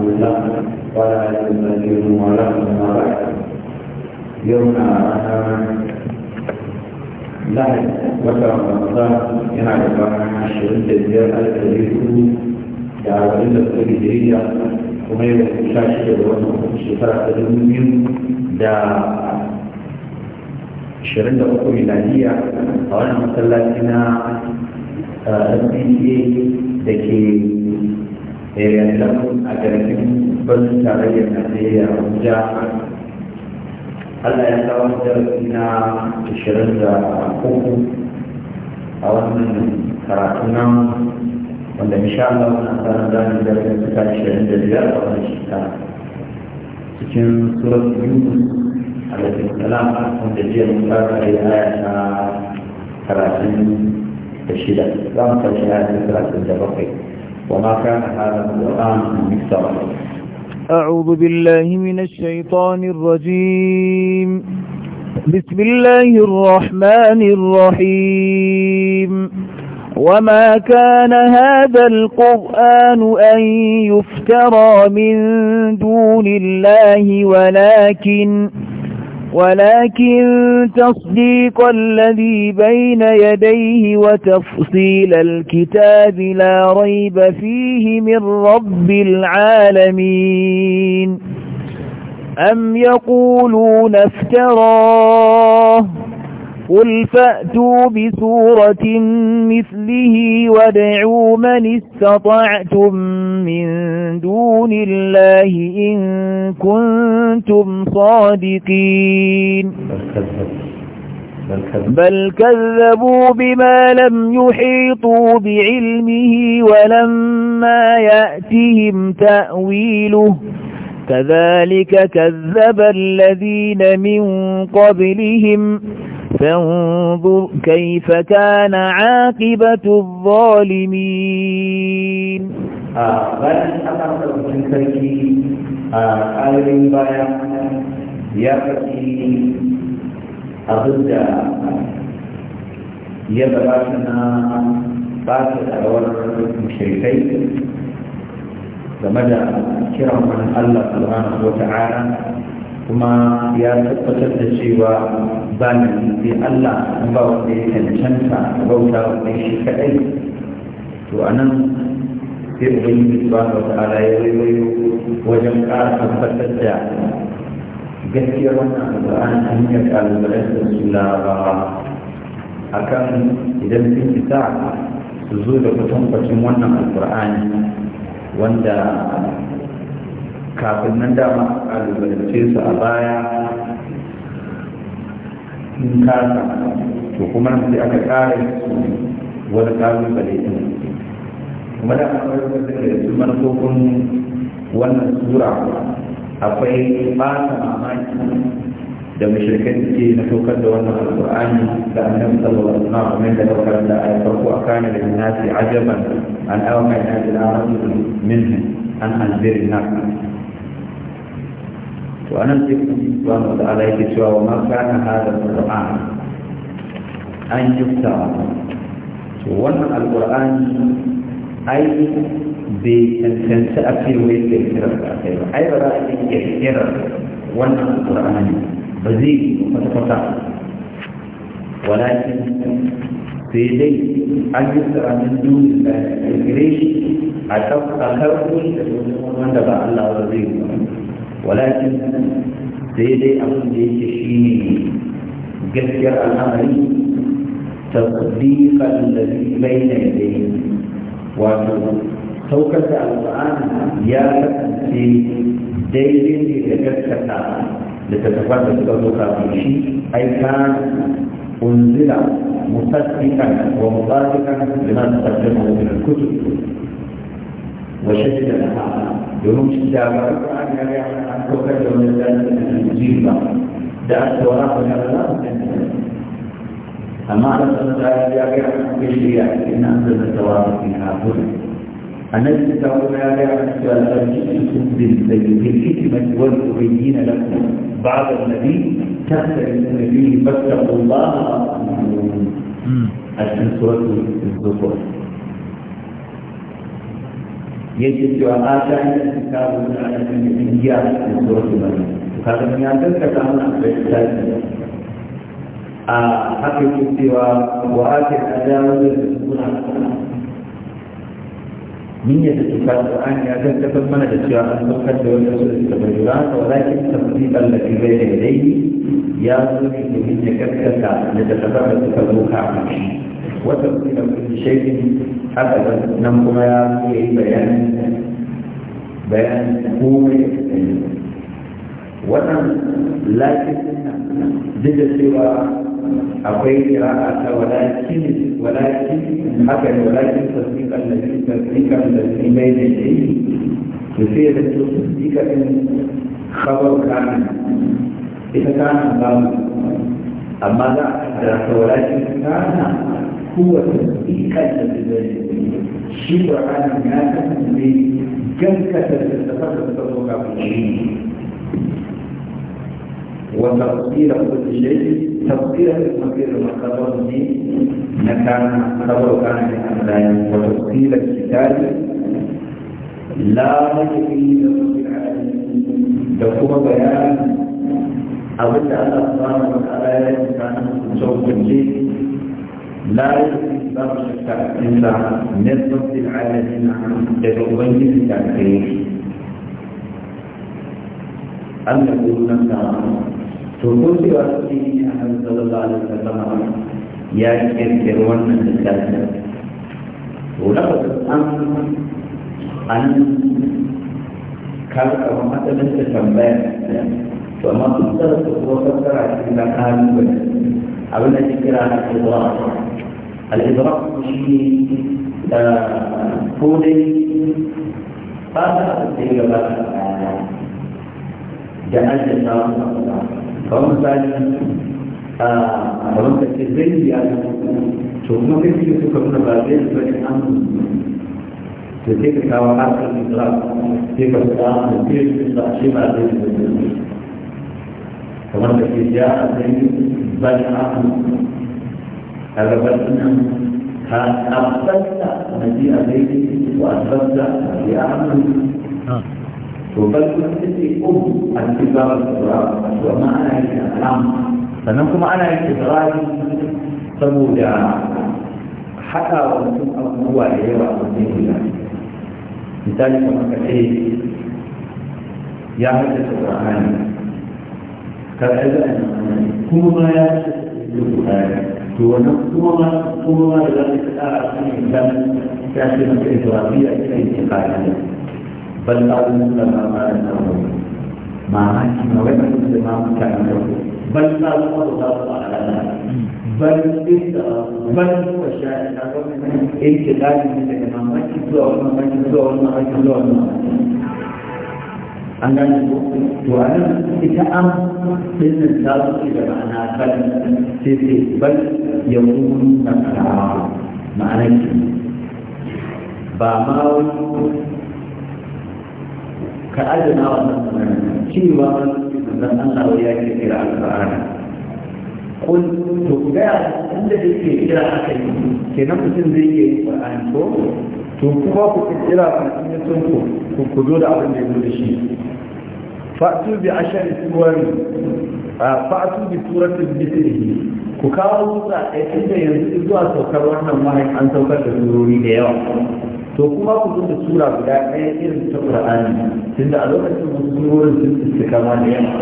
الحمد لله ولا علم الدين ولا ما بعد يومنا أنا لحد وتر رمضان ينعي بعضنا عشرين تزيار ألف يكون دعوة إلى الهجرية وما يبقى شاشة الوزن شفاء تدوم دا ashirin da uku miladiya a wannan masallaci na SBA da ke Eh, nan a garkin birnin tarayyar najeriya abuja allah ya kawo darasi na ashirin da uku a wannan karatu nan wanda insha Allah wannan tsarin zamu da suka ashirin da biyar a wannan shekara cikin surat yunus alaihi salam wanda jiya mun fara da aya na karatun da shida za mu tashi aya na karatun da bakwai وما كان هذا القرآن مكسرا أعوذ بالله من الشيطان الرجيم بسم الله الرحمن الرحيم وما كان هذا القرآن أن يفترى من دون الله ولكن ولكن تصديق الذي بين يديه وتفصيل الكتاب لا ريب فيه من رب العالمين أم يقولون افتراه قل فأتوا بسورة مثله وادعوا من استطعتم من دون الله إن كنتم صادقين بل كذبوا بما لم يحيطوا بعلمه ولما يأتهم تأويله كذلك كذب الذين من قبلهم فانظر كيف كان عاقبة الظالمين bayan aka ɗauki sarki a ƙarin baya ya faɗi abin da ya gabata na ba su ɗarawar mushrikai game da kiran wani Allah subhanahu wa ta'ala kuma ya tabbatar da cewa ba na sai Allah ba wanda ya cancanta bauta wanda shi kadai to a nan sai ubangiji ba wa ala ya waiwayo wajen ƙara tabbatar da gaskiyar wannan alƙur'ani ta hanyar ƙalubalen da su a akan idan sun fita su zo da kwatankwacin wannan alƙur'ani wanda kafin nan dama a lubalance su a baya in kasa to kuma sai aka kare su wani bale din kuma da aka yi su manufofin wannan sura akwai ɓata mamaki da mashirkan suke na tokar da wannan alƙur'ani da annabi sallallahu alaihi wasallam da daukar da ayat farko a kana da nasi ajaban an awaka ina da rasul minhu an anzir nas to anan sai kuma subhanahu wa ta'ala yake cewa ma kana hada qur'an an yufta to wannan alqur'ani ai bai tantance a ce wai da kirar da ba ai ba za a iya ba zai yi ولكن في دي أن يسرى من دون الله الجريش أتبقى الله walakin daidai dai abin da yake shi ne gaskiyar al'amari tasdiqan da bayna yadayhi wato saukar da alqur'ani ya kasance daidai ne da gaskata da tattafan da suka zo kafin shi aika unzila musaddiqan wa mutadiqan lima taqaddamu min وشهد لها يوم كتابة أن أن تكتب من ذلك دعت وراء من الله أما على صلاة جاكرة في إن أنزل التوراة فيها هدى النبي تقول يا رب جئتكم بالحكمة والأبين لكم بعد النبي تختلفون فيه فاتقوا الله الآن سورة الزخرف yake cewa a ta yi kitabu na alaƙin indiya da sauransu ba ne kaga ya gaskata mana da tafi a haka yake cewa wa ake adawa da su min ya ta tuka Qur'ani ya gaskata mana da cewa an saukar da wannan sura ta bayyana haka walakin tafsiran da da dai ya zo ne domin ya da da suka kafin wata kuma da haka nan kuma ya yi bayanin bayanin komai wannan na. duk da cewa akwai a ta walakin walakin haka ne walakin tasdiqan da shi tasdiqan da shi mai da shi to sai da to tasdiqan khabar kana ita kana ba amma za a da walakin kana هو تسبيح الجبال شبعا ما تسبيح جنكة تتفرد تطلق بالعين كل شيء تفصيل المصير المقرر به مكان خبر كان لأمرين وتفصيل الكتاب لا يفيد رب العالمين لكم بيان أبدا الله سبحانه وتعالى كان من شوق الجيل لا يمكن التأثير من رب العالمين عن تجربين التأثير أن يقول لك تقول لرسولي أن صلى الله عليه وسلم يا كثير من التأثير ولقد أن أن كان مثلا تتنبأ فما تقدر تتوقع على abin da kira na idrak al-idrak shi da ko dai ba ta abin da ya gabata da ajiyar samun kamar misali a kamar ka ce zai ya to kuma kai suke suka nuna ba zai su bane an to sai ka kawo harkar idrak sai ka fita da fiye da shi ba zai su bane kamar ka ce ya a zai بل عقل هربتنا أثبتت مجيء بيتي وأثبتت مجيء عقل وبل كنتي أم الكبار الصغار ومعنى الأمر فنكم أنا الإدراج saboda haɗa wa mutum abubuwa da yawa a wajen guda misali kamar ka ce kaga kuma ma ya yi bukari to wannan kuma ma kuma ma da za ka tsara a kan insan ta ce maka israfiya ta yi kifariya bal ta'alun da ma ma da tsawon mamaki ma wai mutum da ma mutane da ku bal ta'alun da za su alala bal inda bal kuwa sha'i na gwamnati in kifariya da mamaki zuwa wani mamaki zuwa wani mamaki zuwa wani mamaki an gane ko to a nan ita am din nan ta zo da ma'ana bal sai sai bal ya kunu na karawa ma'ana ki ba ma wani ka adana wannan sanar cewa zan Allah wai ya ke kira alƙur'ani kun to ga inda yake kira akai kenan mutum zai yi alƙur'ani ko to kuma ku kirkira ku kinyatin ku ku ku zo da abin da ya zo da shi fa'atu bi ashari suwari fa'atu bi suratul mithlihi ku kawo sura ɗaya da yanzu zuwa saukar wannan wahayin an saukar da surori da yawa to kuma ku zo da sura guda ɗaya irin ta Qur'ani tunda a lokacin wasu surorin sun tsitsi kama da yawa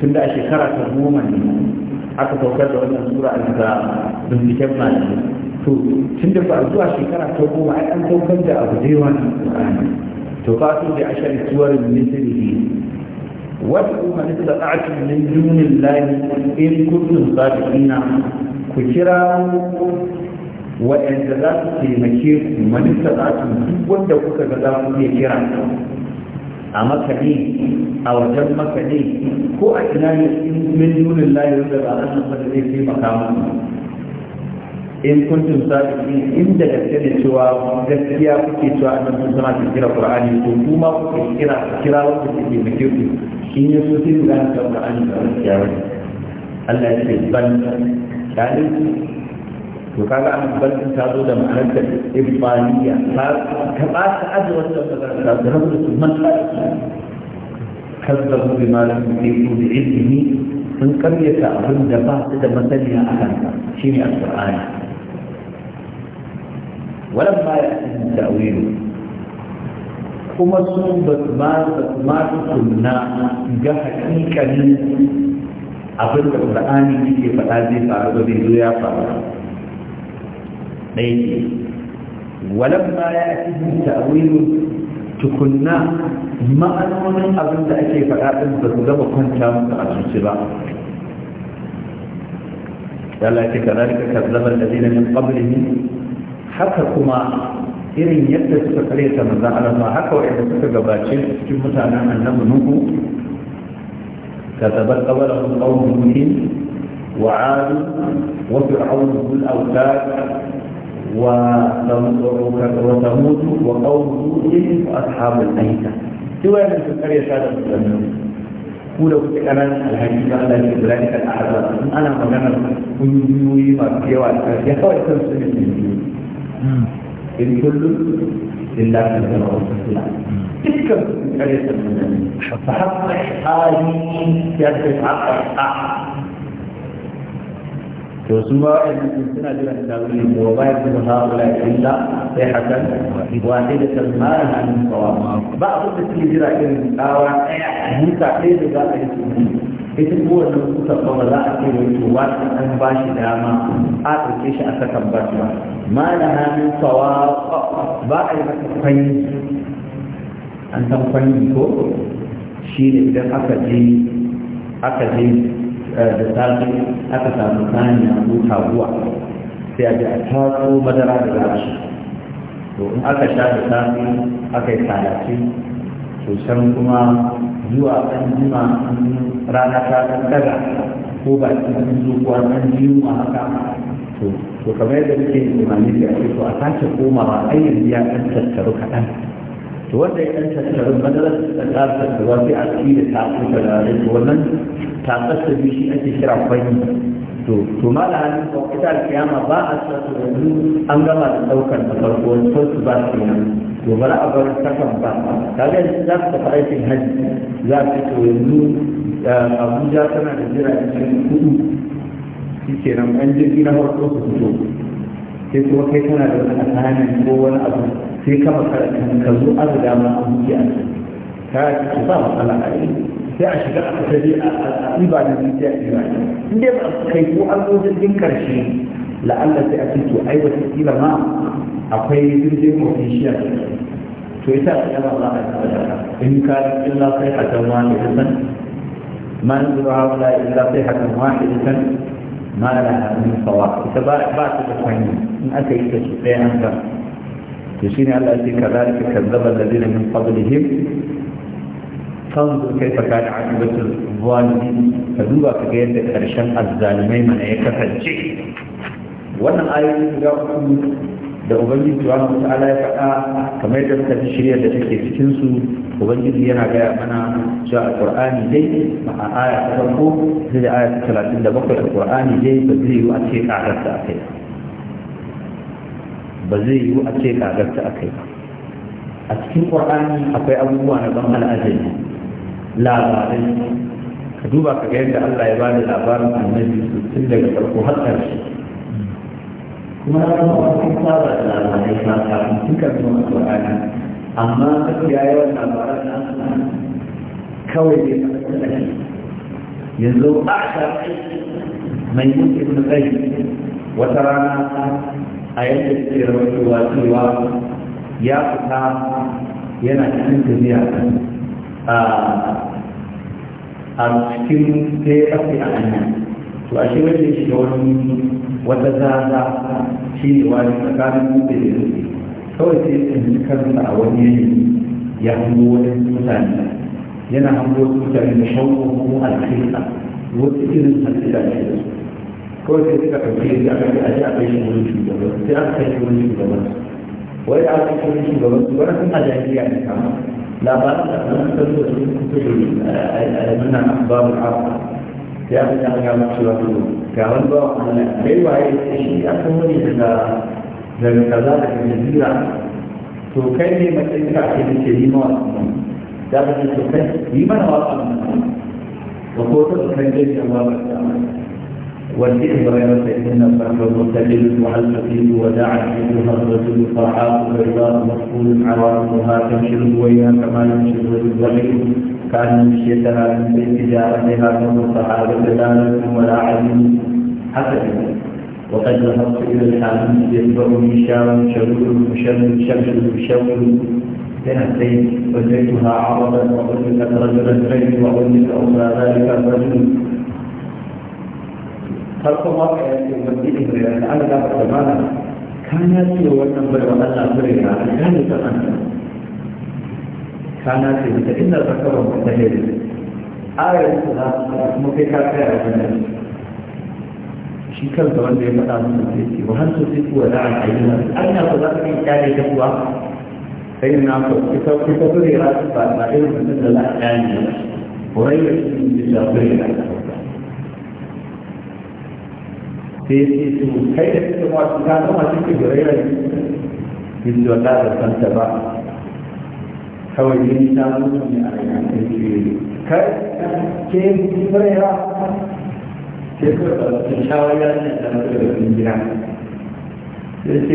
tunda a shekara ta goma ne aka saukar da wannan sura a bisa binciken malamai to tun da ba zuwa shekara ta goma ai an saukar da abu da yawa na Qur'ani to ba su da ashar suwar misrihi wa kuma ne da ta'atu min dunillahi in kuntum sadiqina ku kira wa'anda za su taimake ku manista za su duk wanda kuka ga za ku iya kira a maka a wajen maka ko a ina ne min dunin layi wanda ba a nan zai taimaka muku in kuntum sadiqin in da gaske ne cewa gaskiya kuke cewa annabi suna kira qur'ani to kuma kuke kira kira wanda kuke da ku in ya so sai da ta qur'ani da gaskiya ba Allah ya ce ban dalil to kaga an ban ta zo da ma'anar ta ibaniya ta ta ba ta azwar ta ta da rabbul man kazzabu ma lam yakun bi ilmi sun karyata abin da ba su da masaniya a kansa shine alqur'ani ولما يأتيهم تأويله kuma su ba su ma su ma tukunna ga hakikalin abin da Qur'ani yake faɗa zai faru ba zai zo ya faru ɗaya ne walamma ya ake ta'awilu tukunna ma'anonin abin da ake faɗa ɗin ba su gama kwanta musu a zuci ba Allah ya ce kazalika da zai min qablihim haka kuma irin yadda suka kare ta manzan Allah haka wa'anda suka gabace cikin mutanen annabi nuhu كتبت قبلهم قوم نوح وعاد وفرعون ذو الاوتاد وثمود وقوم لوط واصحاب الايكه سوى ان في القريه هذا المسلمون ولو كان الحديث على ذلك الاحزاب انا مجانا كنت يوي ما في وقت يا خوي إن كل لله سبحانه وتعالى تلك الآية فحقق حالي يرتفع حقق ثم إن سنة التأويل وما يكون هؤلاء إلا صيحة واحدة ما لها من صواب بعض التكليف لكن دعوة موسى كيف ذلك ita ko wannan kutar ba za a ce wai to an ba shi dama a ɗauke shi a sakan ba ma da hannun sawa ba a yi masa kwanyi an san fanyi ko shi ne idan aka je aka je eh, da safe aka samu saniya ko taguwa sai a je a taso madara da rashi to in aka sha da safe aka yi kalace to can kuma zuwa an jima an rana ta san ko ba cikin zuwa nan biyu ma haka to kamar yadda muke imani da ake so a sake komawa ai ya an tattaru kaɗan to wanda ya ɗan tattarin madarar da tsarsa da wasu a ciki da tafi da ranar da wannan tatsar da shi ake kira kwanye to to ma da hannun kwa ita alkiyama ba a tsarsa da yanzu an gama da ɗaukar da farko wani su ba su yana to bari a bar sakan ba ta ga yanzu za su tafi aikin hajji za su to yanzu eh, abuja tana da jiragen hudu shi kenan an jirgi na farko su fito sai kuma kai kana da wani asanin ko wani abu sai ka makaranta ka zo an riga ma an yi a ka ki ba matsala a yi sai a shiga a kasari a riba da zuciya a riba in dai ba kai ko an zo jirgin karshe la'alla sai a ce to ai wata kila ma akwai jirgin ofishiya to ita a yana za a tsada in ka in la sai hatan wani san man zuwa wala illa sai hatan wani san ma na amin sawa ita ba ba su da fanni in aka yi ta tsaye an ga to shine Allah ya ce kadalika kazzaba alladhina min qablihim fanzur kayfa kana aqibatu zalimin ka duba ka ga yadda karshen azzalimai mana ya kasance wannan ayoyi ga ku da ubangiji subhanahu wata'ala ya faɗa kamar yadda suka ji shirya da take cikin su ubangiji yana gaya mana cewa alqur'ani dai a aya ta farko sai da aya ta 37 alqur'ani dai ba zai yi a ce kagarta akai ba zai yi a ce kagarta akai a cikin qur'ani akwai abubuwa na ban al'ajabi labarai ka duba ka ga yadda Allah ya bada labarin annabi sosai daga farko har ƙarshe kuma na zama wasu cikin saba da labarai ba kafin dukkan zuwa alƙur'ani amma mafiya yawan labaran na kawai ne yanzu a ta mai yin ibn qayyim wata rana a yadda suke rawaitowa cewa ya fita yana cikin tafiya a cikin sai ya a hanya to a shi wajen shiga wani wata zaza shi ne wani tsakanin dutse da yanzu kawai sai ya tsinci kansa a wani yanayi ya hango wani mutane yana hango wasu mutane da shauƙo kuma alƙiƙa wasu irin hasira ce da su kawai sai suka ɗauke da aka yi aji a kai shi wani shugaban sai aka kai shi wani shugaban wai a kai shi shugaban su wani sun ajiyar ne kama labarin da aka kai shi wurin yi a yi nuna babu abu sai aka ta ga mu cewa to ga wani ba Allah dai waye shi ya san wani daga daga kaza daga jazira to kai ne matsayin ka ake da ce rima wasu da ka ce to kai rima na wasu wa ko ta kan dai da ba ta والذكر غير فإن الفرد المرتجل والفقير وداعا أيها الرجل فرحاء بيضاء مسؤول عوامها تمشي الهويا كما يمشي الغير كان مشيتها من تجارتها من الصحابه لا لكم ولا علم حسن وقد ذهبت إلى الحامل يتبعني شام شرور مشم شمس مشم سنتين وجدتها عرضا وقلت رجلا غيري وقلت أوصى ذلك الرجل خلق واقع يمثله لأن أنا لا كان يسير وأنا أمر وأنا أمر كان يتمنى kana ce mata inda zakarar wata hiri ayar su za su kuma kai ka kai a wannan shi kansa wanda ya faɗa musu sai ce wa har su sai kuwa da al'ayyuna an na za ka kai kyale da kuwa sai na ku ita ita zure ra ba ba irin mutum da za a kyale ba horai da su ne da zure ra sai ce su kai da suka masu gano masu ke zure ra yin da wata da santa ba kawai yin ta mutu ne a yi kai ke furera ke kuma shawar yankin da mutu da sun gina Ya ce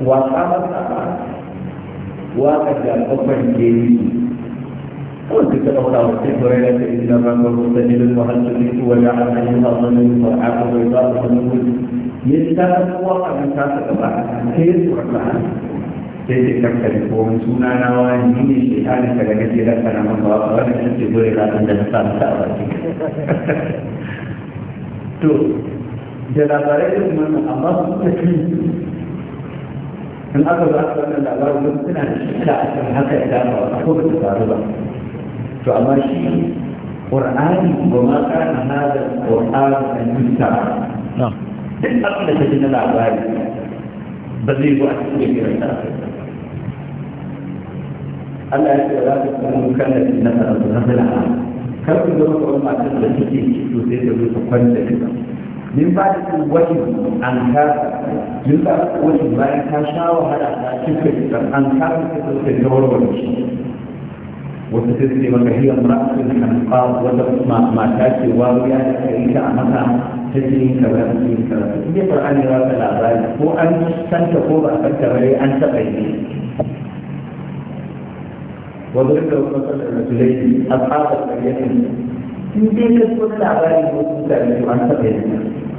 wasa masa waka da kofar ke yi kawai su ta wata wa ce furera ta ina rangar kusa ne don mahalta ne kuwa da an hanyar zamanin ba a kuma ba a kuma mutu yin ta waka da ta ta gaba sai su hannu. sai ke kakkari ko wani suna na wani ni ne shi ɗanin ka daga da kana man ba a wani sun ce gore ranar da na samu ta a baki to da labarai da kuma amma su suka fi in aka ba su wannan labarai don suna da shida a kan haka ya dama a ko ba ta faru ba to amma shi ƙur'ani ba ma na hada ƙur'ani a yusta duk abin da ta ji na labari ba zai zo a cikin da kiran da Allah ya ce ba za ka samu kan da na tsara na fila kar ku zama kawai matar da take ciki sai ta zo ta kwanta kika min ba da wani an kasa min ba da wani bayan ta sha wahala ta cika kika an kasa sosai zo ta warware shi wata ta ce maka hiyar ra'asin hanfa wata mata ce wariya da ka yi ta a maka ta jini kaza ta jini kaza ina ce ba an yi rasa labari ko an santa ko ba a santa bai an taɓa yi وذكروا مثلا الجليل اصحاب الجليل يمكن تكون الاعمال المتعلقه عن سبيل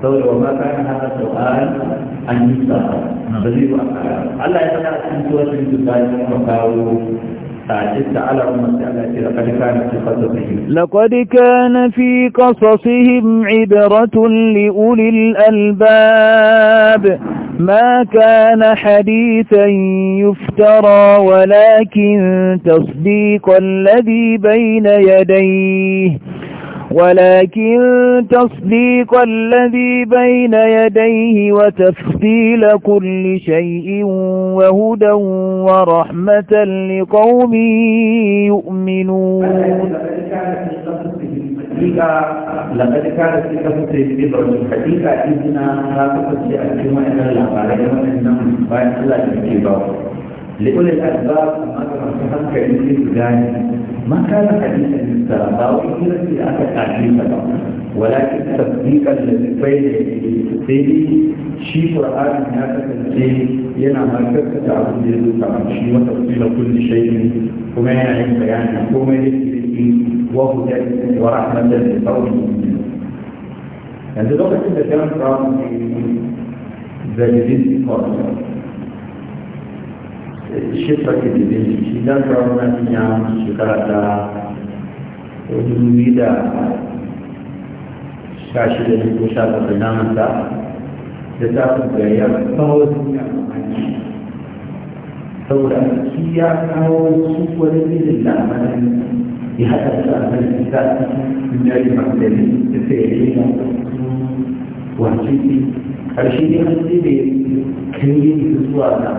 الله وما كان هذا السؤال نعم. عن مصطفى بديع الله يتعالى في سوره الزبائن وقالوا لقد كان في قصصهم عبرة لأولي الألباب ما كان حديثا يفترى ولكن تصديق الذي بين يديه ولكن تصديق الذي بين يديه وتفصيل كل شيء وهدى ورحمة لقوم يؤمنون لقد كانت في قصص الكبر الحديثة إذنا لا تقصي أكلمة إلا الله عليهم إنهم بأن الله يكبر لكل الأسباب أما كما كان في الجاني ما كان حديثا للسلام كثيرا في أثر تعريفا ولكن تصديقا للفيل السيدي شيء قرآن من هذا السيد ينا مركز تعبد يدو طبعا شيء وتفصيل كل شيء وما يعلم بيان حكومة يدري وهدى ورحمة لقوم And the doctor said the في problem is the disease culture. shekar da da shi za ka wani shekara ta dubu da da na manta da ta fi gaya kawo saboda shi ya kawo su wani bilin lamarin ya haɗa da a ta ita duniya da mafiyar da ta yi yana wace ƙarshe ne an ce da yi zuwa na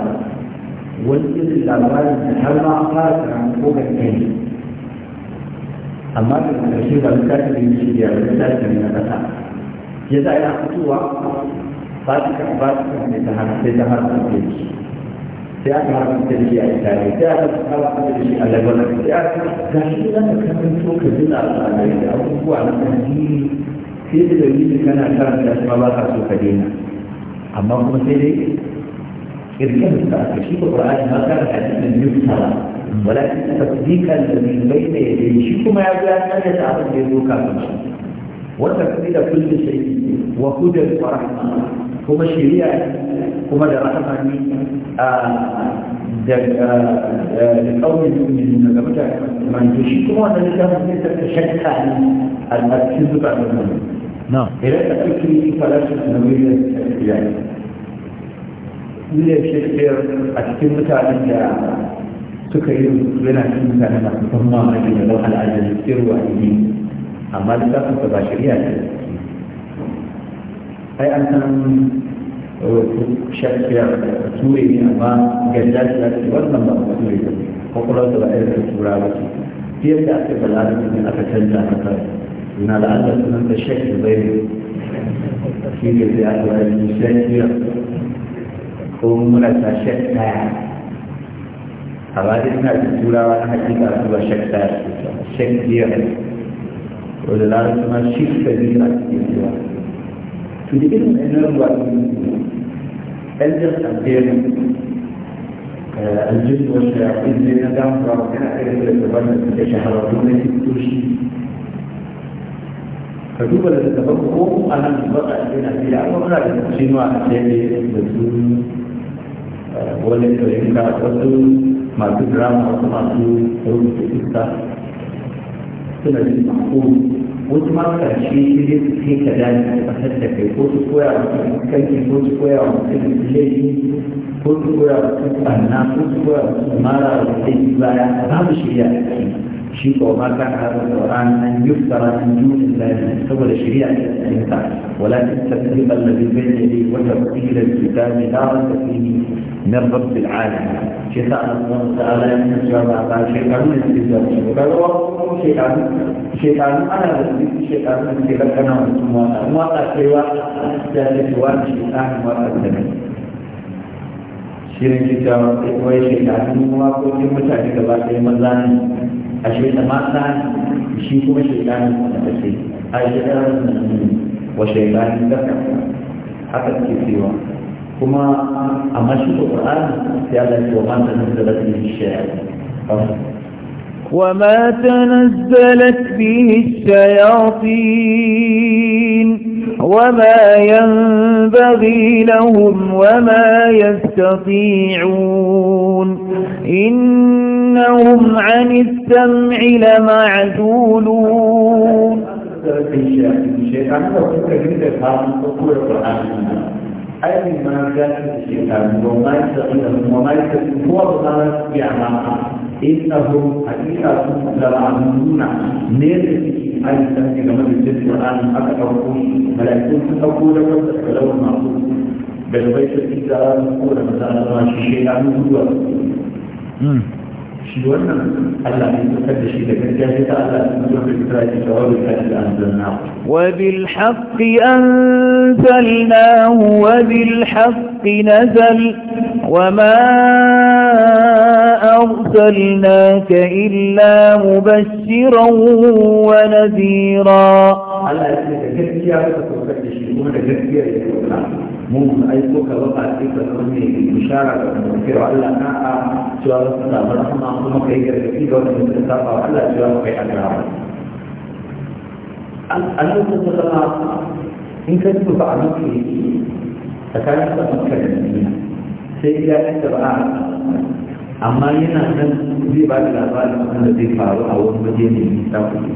wani irin labarin da har ma an fara karamin ko kai amma da ƙarshe ba littafi ne shi da littafi ne na ƙasa ya za yana fitowa ba su kan ba su kan sai ta har sai ta har sai sai aka har sai shi a italiya sai aka har sai shi a lebanon sai aka ga shi za ka karanto ka ji labarai da abubuwa na jini. sai da dalilin kana karanta shi ma ba ka so ka daina amma kuma sai dai اركبت بقى تشيك القرآن ما كان حديثا يفترى ولكن تصديقا من بين يديه شوفوا ما يقول أن يتعرض لذوك وتفسير كل شيء وهدى ورحمة هما الشريعة هما لرحمة آه، آه، آه، لقوم المؤمنين لما من تشيك وأن لكم تتشكى عن الكذب بعد المؤمنين نعم إذا تفكري فلا تنوي الاختلاف william shakespeare a cikin mutanen da suka yi yana cikin mutane masu ban mamaki da ban al'ajabi sai ruwa ne amma littafin sa ba shari'a ce ai an san shakespeare ture ne amma ganda shi ya ce wannan ba a ture ba kwakwalar da ba a yarda tura ba ce fiye da aka balarin ne aka canza maka na la'adar sunan da shakespeare shi ne sai aka yi shakespeare فورمولا تشتا حوادثنا في السورة والحديد أصبح شكتا شك ديها ولا رسما شك فديرا كتبوا تدير من الوقت الجرس أبير الجن والشياطين من الدم فراغتنا في الوقت في شهر رسولة التوشي فدوبا لتتبقوا أنا مبقى لنا في العالم العمر لكن شنوا أحسابي wani ɗaurinka wasu masu drama wasu masu rubuta iska suna jin mako wasu ma karshe shi ne su kai ka dace a da kai ko su koya wa mutum kanki ko su koya wa mutum laifi ko su koya wa mutum ɓanna ko su koya wa mara wa mutum baya babu shirya a cikin shi ko ma kan da ran an yuftara an da lahi saboda shari'a ta tsinta wala tasdiq alladhi bayna yadi wa tafsil alkitab la da fihi na rabb alam shi ta Allah ta'ala ya tsaya ba ta shekaru ne cikin da shi ga shekaru shekaru ana da shekaru ne cikin kana mutum wata wata cewa da shi wani shekaru wata da ne shirin kyakkyawan tsaye shekaru kuma ko mutane gaba ɗaya maza ne ashe da mata shi kuma shaidani da take ai shaidani da wa shaidani da haka ke cewa kuma a mashi Qur'ani sai ya ce wa mata da take shi وما تنزلت به الشياطين وما ينبغي لهم وما يستطيعون إنهم عن السمع لمعزولون aikin na gasi da ke da mai da mai da kuma da zama ya ma ma inda ho a da ma'amuna ne da su ke aiki da ke da jirgin da an aka ɗauko malaikun sun ɗauko da kuma da kalawar da bai su ita da ko da mazana shi shi ya nuna وبالحق أنزلناه وبالحق نزل وما أرسلناك إلا مبشرا ونذيرا الله يسلمك كيف يعرفك وكيف يشركك mun aiko ka baka ce ka zama mai bishara da kuma cewa Allah na a cewa za su samu rahama kuma kai gargaɗi ga wanda suka saba wa Allah cewa kai azaba a nan sun zama in ka ji ba a mafi tsakanin da maka da duniya sai ya yi da ba amma yana nan zai ba da labarin wanda zai faru a wani waje ne nisa kuma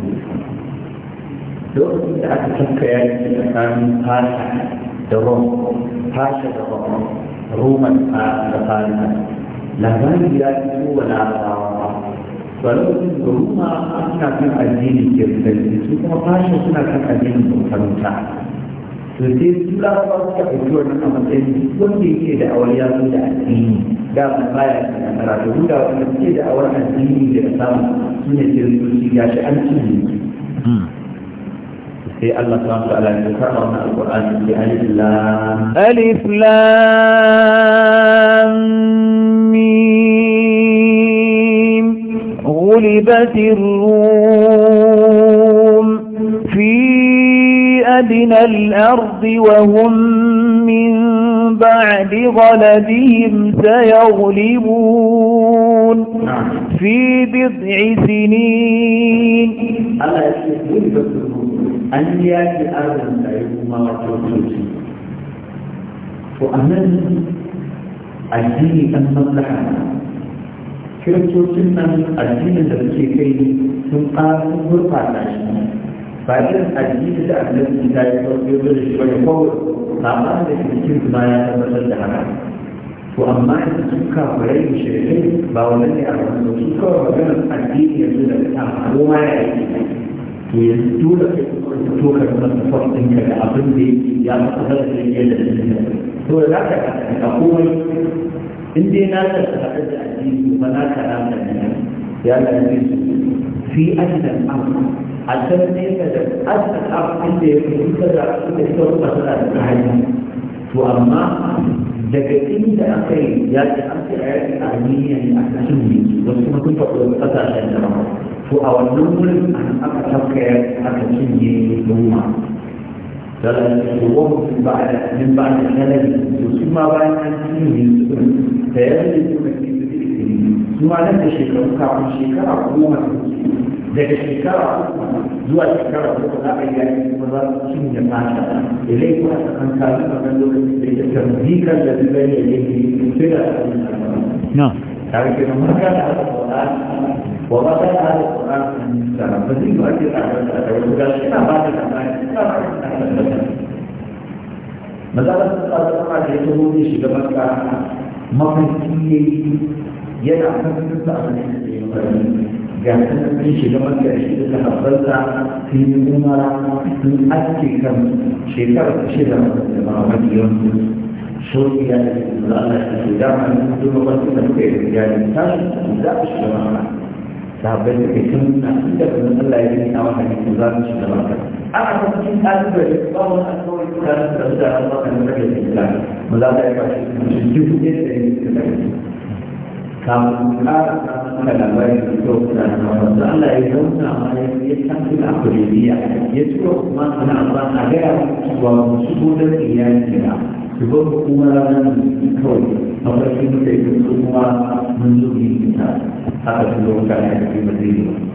lokacin da aka tanka yaki tsakanin fata da rom fasha da rom roman da farisa labarin gida biyu wa larabawa ba ba lokacin da roma suna kan addinin kiristanci su kuma fasha suna kan addinin bautarta to sai su larabawa suka ɗauki wannan a matsayin wanda yake da awar ya zo da addini da ba ya da nasara to duk da wanda suke da awar addini da samu sun su ne ya gashi an cinye في الله سبحانه وتعالى يكرر من القرآن بألف لام ألف لام ميم غلبت الروم في أدنى الأرض وهم من بعد غلبهم سيغلبون في بضع سنين الله an yaƙi arzin da ya kuma wato wasu to a nan addini ɗan maslaha kiristocin nan addinin da suke kai sun ƙasun na shi ba irin addini da annabi ta yi kwarfiyar da shi bane kawai ba da cikin kuma ya tabbatar da haka to amma da sun kafirai da shirye ba wani ne a wani su kawai maganar addini yanzu da ta ko ma ya yi to yanzu dole kai to ka da ka da abin da ya maka da yadda da to da za ka komai in dai na da addini ba na ka ya ga fi a ne ka da ajidan amma inda ya fi da kuka da kuka da to amma daga inda aka yi ya ce an ce a yaƙi a niyya ne a kashin ne wasu kuma kun faɗo da ƙasashen da to a wannan wurin an aka tafka ya aka cinye noma daga tsohon ba da min ba da shanari to su ma bayan an cinye su da yadda su su ma nan da shekaru kafin shekara goma su daga shekara uku zuwa shekara uku za a yi yaki kuma za su cin da mata ilai kuma ta kan kaji a kan lokacin da ya tambikar da zai gani da yake sai da na tare ke nan maka da alƙur'an wa ba ta da alƙur'an da ba zai yi ake tsarar da ta wasu gashi ina ba da labari ina ba da labari mazalar sun tsara sama da ya taho ne shiga maka mafarki yana kan kusa a wani da ya ga sun shiga maka shi da haɓarsa sun yi umara sun aske kan shekarar shida da ba mafi yawan شوفي الله دائما دون قصد الخير يعني الانسان لا الشمامة sahabbai da kai sun na da kuma Allah ya yi nawa hadisi sun zaɓi shi da maka aka san cikin ɗalibai da ba wani alƙawari ko tare da su da Allah kan da kake mu za ta yi fashi su duk ne da yin da kake maka labari da kyau da wasu Allah ya zauna ma ya ya tafi da kuliya ya turo kuma ana amma a gaya wa su da iyali na su ba kuma ranar kawai a farkin da ya kuma mun zo ne ta haka su zo ka ne da kuma zai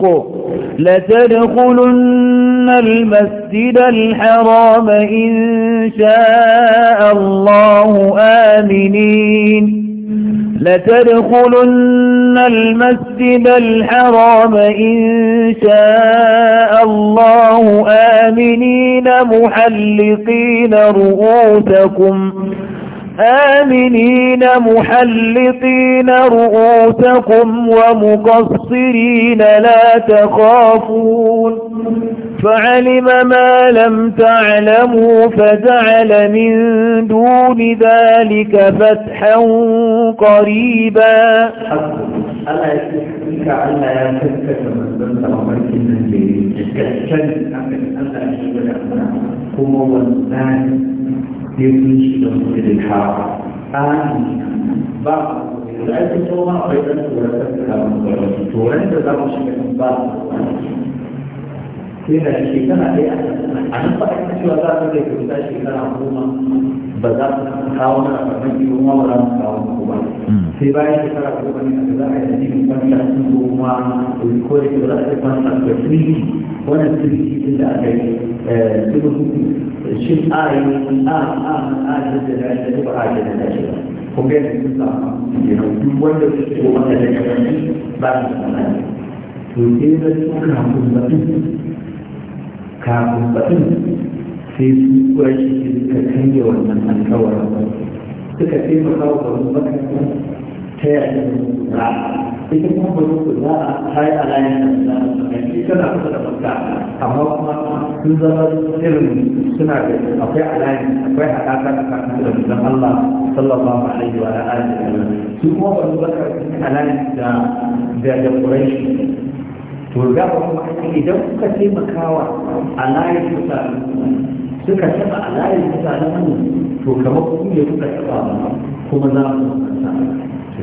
الحق لتدخلن المسجد الحرام إن شاء الله آمنين لتدخلن المسجد الحرام إن شاء الله آمنين محلقين رؤوسكم آمنين محلقين رؤوسكم ومقصرين لا تخافون فعلم ما لم تعلموا فجعل من دون ذلك فتحا قريبا ألا يتحدث عنها يا فتحة من بنت ومعنك من بنت كالشد أمن أنت yankin shi da mutu da ka ba a yi ba da aikin tsohon akwai ɗan tsoron za mu shiga ba yana da shekara ɗaya a nan ba a cewa za ka zai kuta shekara goma ba za su kawo na kamar ki kuma ba za su kawo na ba hmm. sai bayan shekara goma ne za a yi jini kwanta sun kuma ko da ke za a yi kwanta da firiji wannan firiji din da aka yi eh, shin a yi a a a da da da ba a da da shi ba ko ga yadda sun samu duk wanda su ce wanda da ya ba su da to sai da suka hankali kafin batun sai su shi suka canja wannan alkawar suka taimaka wa barin makasar ta yayin za ita kuma ba ku za a ta yi alayin da za a tana kusa da makka amma kuma sun zama irin suna da akwai alayin akwai haɗaka da kafin da mutum Allah sallallahu alaihi wa alihi wa sallam su kuma barin makasar alayin da da ƙurashi to za ku kuma ake idan kuka taimakawa a layin mutane suka taɓa a layin mutane hannu to kamar ku ne kuka taɓa kuma za ku kasa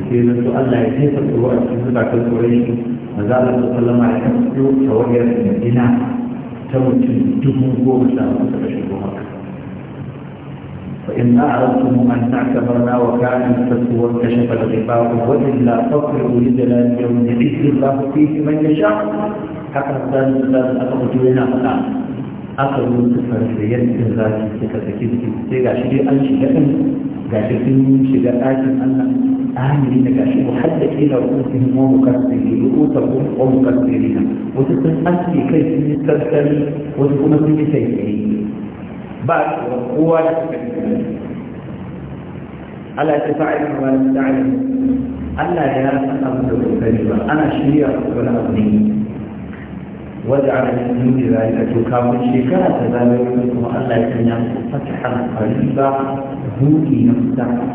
to sai zan su Allah ya jefa su a cikin zakar turai shi maza da ta sallama ya kan fito madina ta mutum dubu goma sha uku ta shigo haka فإن أعرضتم أن اعتبرنا وكان الفتح وانكشف الغفاق وإلا فاقروا لجلال يوم يعز الله فيه من يشاء حتى الثاني الثالث أخرجوا لنا فلا أخرجوا تفرجيات الذات تكتكيب تيجا شيء أن شيء gashikin shiga ɗakin Allah amiri da gashi ko hadda kila rukun wa mukassiri rukuta ko wa mukassiri wasu sun aske kai sun yi sassari wasu kuma sun yi sassari ba tsoron kowa da suka ji Allah ya tafi ainihin wa da ta'ala Allah ya san abu da kokari ba ana shirya wani abu ne wanda ana yin nuni a to kafin shekara ta zama zagaye kuma Allah ya sanya ku fatahan qariba buɗi na mutane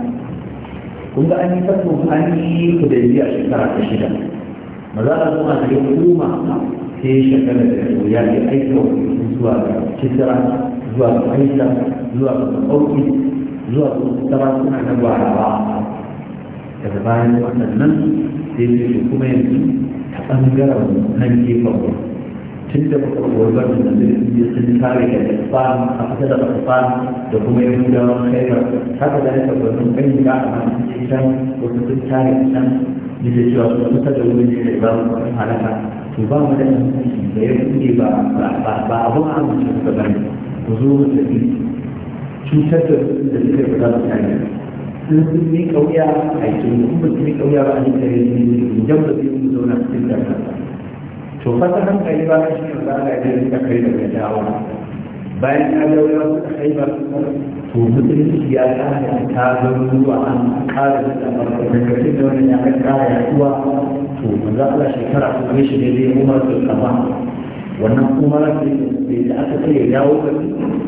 kun ga an yi fatu an yi kudai a shekara ta shida maza da kuma ta yi kuma sai ya shagala da ya ke aika wa zuwa ga kisra zuwa ga aisa zuwa ga ƙauki zuwa ga sarakuna na gwarawa daga bayan waɗannan sai ya kuma yanzu ta ɓangaren nan gefen tun da muka gurbar da zirgin sun tare da isfan a kusa da isfan da kuma yahudawan kaibar haka da ya tabbatar kan gida a masu cikin wasu sun tare da can duk da cewa su kusa da wurin da ba mu halaka to ba mu da hukunci da ya kuɗe ba ba abun amince su ba ba ba ba ba ba cutar da da suke fita sun sun ne kauya a yi tuni kuma sun ne kauya ba a yi tare da ne idan ba zai mu zauna cikin da to fasa hankali ba shi ne ba a yi da kai daga dawa bayan ta dawo ya suka haibar to musulunci ya kara ta zama zuwa an kara da makarkashin da wani ya kan kara yaduwa to manzo Allah shekara kuma shi ne zai umar da wannan kuma da aka ce ya dawo to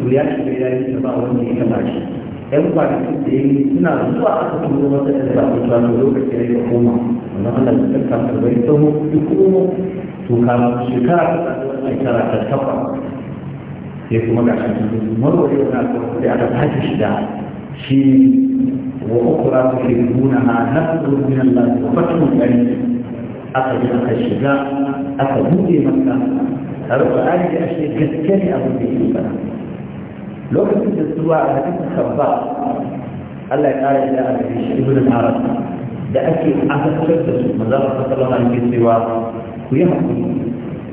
ya ya yi ba wanda ya kama shi da ya yi suna zuwa aka turo masa da ba ku tsaro lokacin da ya koma wannan Allah ya ka bai tsawo duk kuma to kama shekara ta shekara ta takwas sai kuma ga shi cikin marwari wani alƙawar sai aka tashi shida shi wa ukura su ke nuna ha nasu min Allah wa fatu kari aka yi aka shiga aka buɗe maka alƙur'ani da ashe gaske ne abin da yake fara lokacin da zuwa a hadisin sabba Allah ya ƙara da a shi ibn Arab da ake azabtar da su maza a sallallahu alaihi wa sallam ku yi hakuri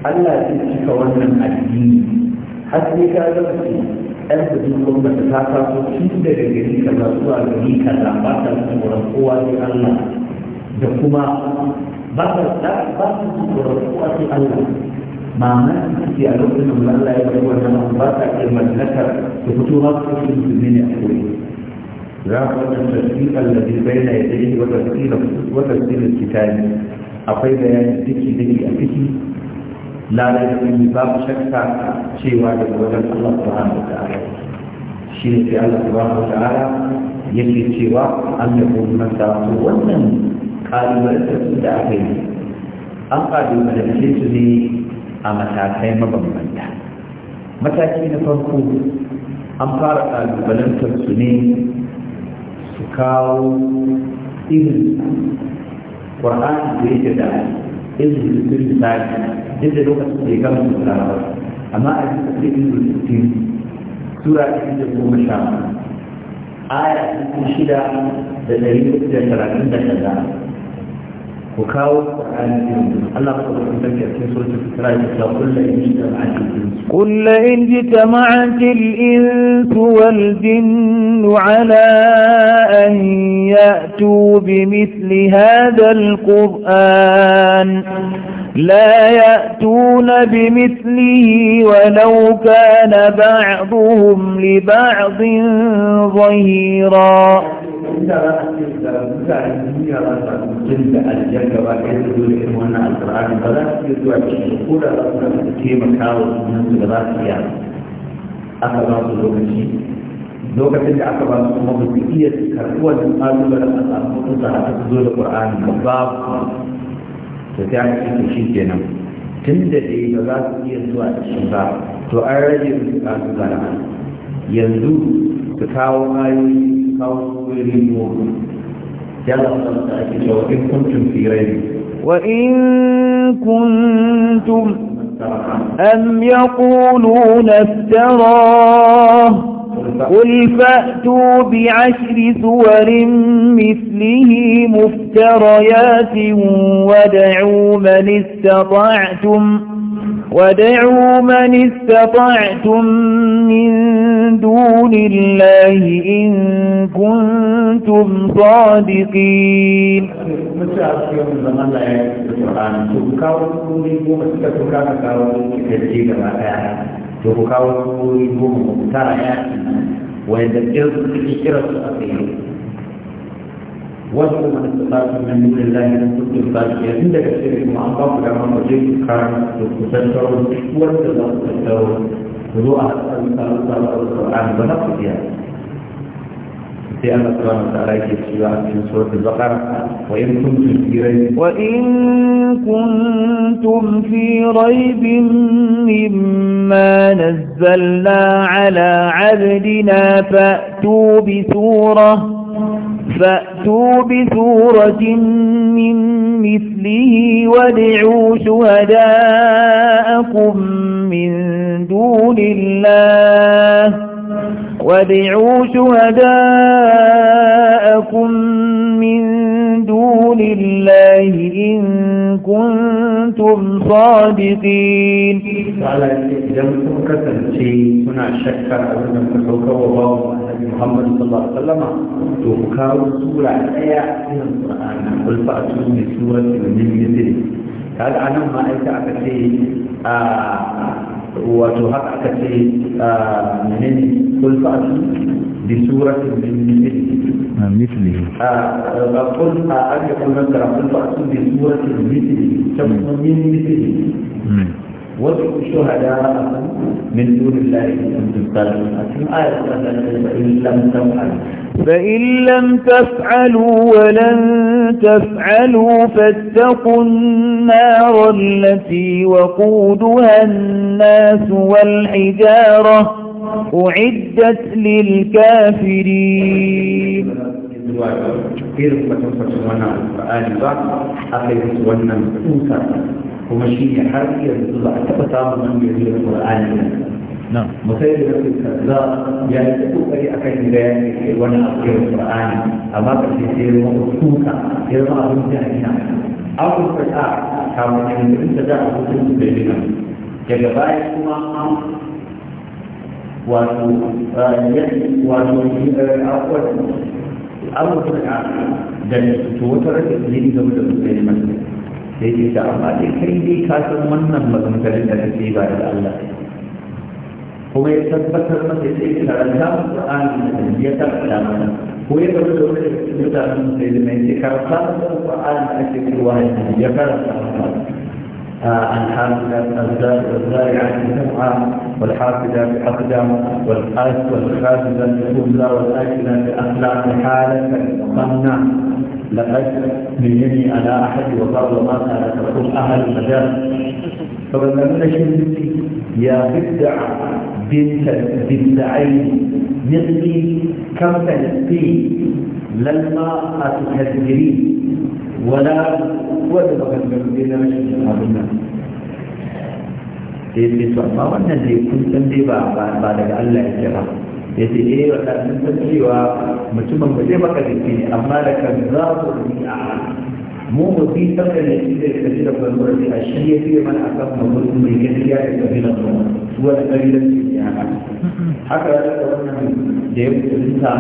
Allah ya cika wannan addini har sai ka ga mace ɗan da dukkan mace ta taso tun daga gari kaza zuwa gari kaza ba ta tsoron kowa sai Allah da kuma ba ta ba ta tsoron kowa sai Allah ma'ana ce a lokacin da Allah ya bar wannan abu ba ta kai mallakar da fito ba su cikin musulmi ne a koyi za ka wannan tasbih alladhi baina yadayhi wa wata wa tafsir kitabi akwai bayani dake dake a ciki lalai da yi babu shakka cewa daga wajen Allah subhanahu wa shi ne sai Allah subhanahu wa ta'ala yake cewa an yi kuma su wannan kalubalantar su da aka yi an kalubalance su ne a matakai mabambanta mataki na farko an fara kalubalantar su ne su kawo irin ƙwar'an da yake da ilmi sun misali duk da lokacin da ya gama su ba amma a yi tafi ilmi Su sura ɗin da goma sha aya cikin shida da ɗari da talatin da kaza وكاو قل إن اجتمعت الإنس والجن على أن يأتوا بمثل هذا القرآن لا يأتون بمثله ولو كان بعضهم لبعض ظهيرا inda za a ce da mutanen duniya za su samu jin da da ba kai su zo da irin wannan alƙur'ani ba za su iya zuwa cikin ko da za su samu su taimaka wa sunan su da za su iya aka ba su lokaci lokacin da aka ba su kuma ba su iya karɓuwar da ƙalubalen a samu kuɗin sa su zo da ƙur'ani ba babu to sai aka ce shi kenan tun da dai ba za su iya zuwa cikin ba to an rage su musu ƙalubalen yanzu su kawo ayoyi وإن كنتم في وإن كنتم أم يقولون افترى قل فأتوا بعشر سور مثله مفتريات ودعوا من استطعتم وادعوا من استطعتم من دون الله إن كنتم صادقين ويدبر في كرة الأخير وزن من اتصال من دون الله لم تكن فاشيا عند كثير من الاعضاء كما وجدت كان تتشعر والتدور وضوء الانسان صلى القران بنفسها في ان القران تعالى يكتب في سوره البقره وان كنتم في ريب وان كنتم في ريب مما نزلنا على عبدنا فاتوا بسوره فأتوا بسورة من مثله وادعوا شهداءكم من دون الله وادعوا شهداءكم من دون الله إن كنتم صادقين هنا شكا محمد صلى الله عليه وسلم تبكار سورة آية من القرآن قل فأتوا بسورة من مثله هذا أنا ما أتعبتي wato haka aka ce a menene kul fa'atu bi surati min mithlihi mithlihi a kul a an yakun nakara kul fa'atu bi suratin mithlihi tabun min mithli hmm. وادعوا شهداءكم من دون الله إن كنتم صادقين فإن آية لم تفعلوا فإن لم تفعلوا ولن تفعلوا فاتقوا النار التي وقودها الناس والحجارة أعدت للكافرين zuwa ga irin kwatankwatin wannan kuma shi ne har yanzu ba a taɓa samun wanda ya zuwa Qur'ani nan musayar da su kaza ya yi ta kokari a kan gida ya ne wani abu da amma ƙarshe sai ya zama suka ya zama abin jahina abin fata kamar yanzu da za a hukunta da yana daga baya kuma wato eh, wato akwai eh, abubuwa da da wata rasa ne game da musulmi sai ke ta amma dai kai dai ka san wannan maganganun da kake ba da Allah kuma ya tabbatar masa ya ce karanta Qur'ani da mana ko ya da wani karanta Qur'ani cewa ya karanta الحافظة الزارعة سمعا والحافظة الأقدم والآس والخافزة بخبزة والآكلة بأخلاق حالة مقنع لقد بيني أنا أحد وقال وما كان تقول أهل المجال لم نشد يا بدع بنت بدعين مثلي كم تلقي لما أتهجرين wala wanda ba kan gano dai na rashin abin nan sai sai to amma wannan dai kun san dai ba ba daga Allah yake ba ya ce eh wata sun san cewa mutumin ba zai maka jiki ne amma da kan za ku yi a mu mu bi saka ne shi zai kashi da farko da a shi ya fiye mana akan mutum mai gaskiya da kabilan mu su wani kabilan su ne haka haka da wannan da ya fi mutunta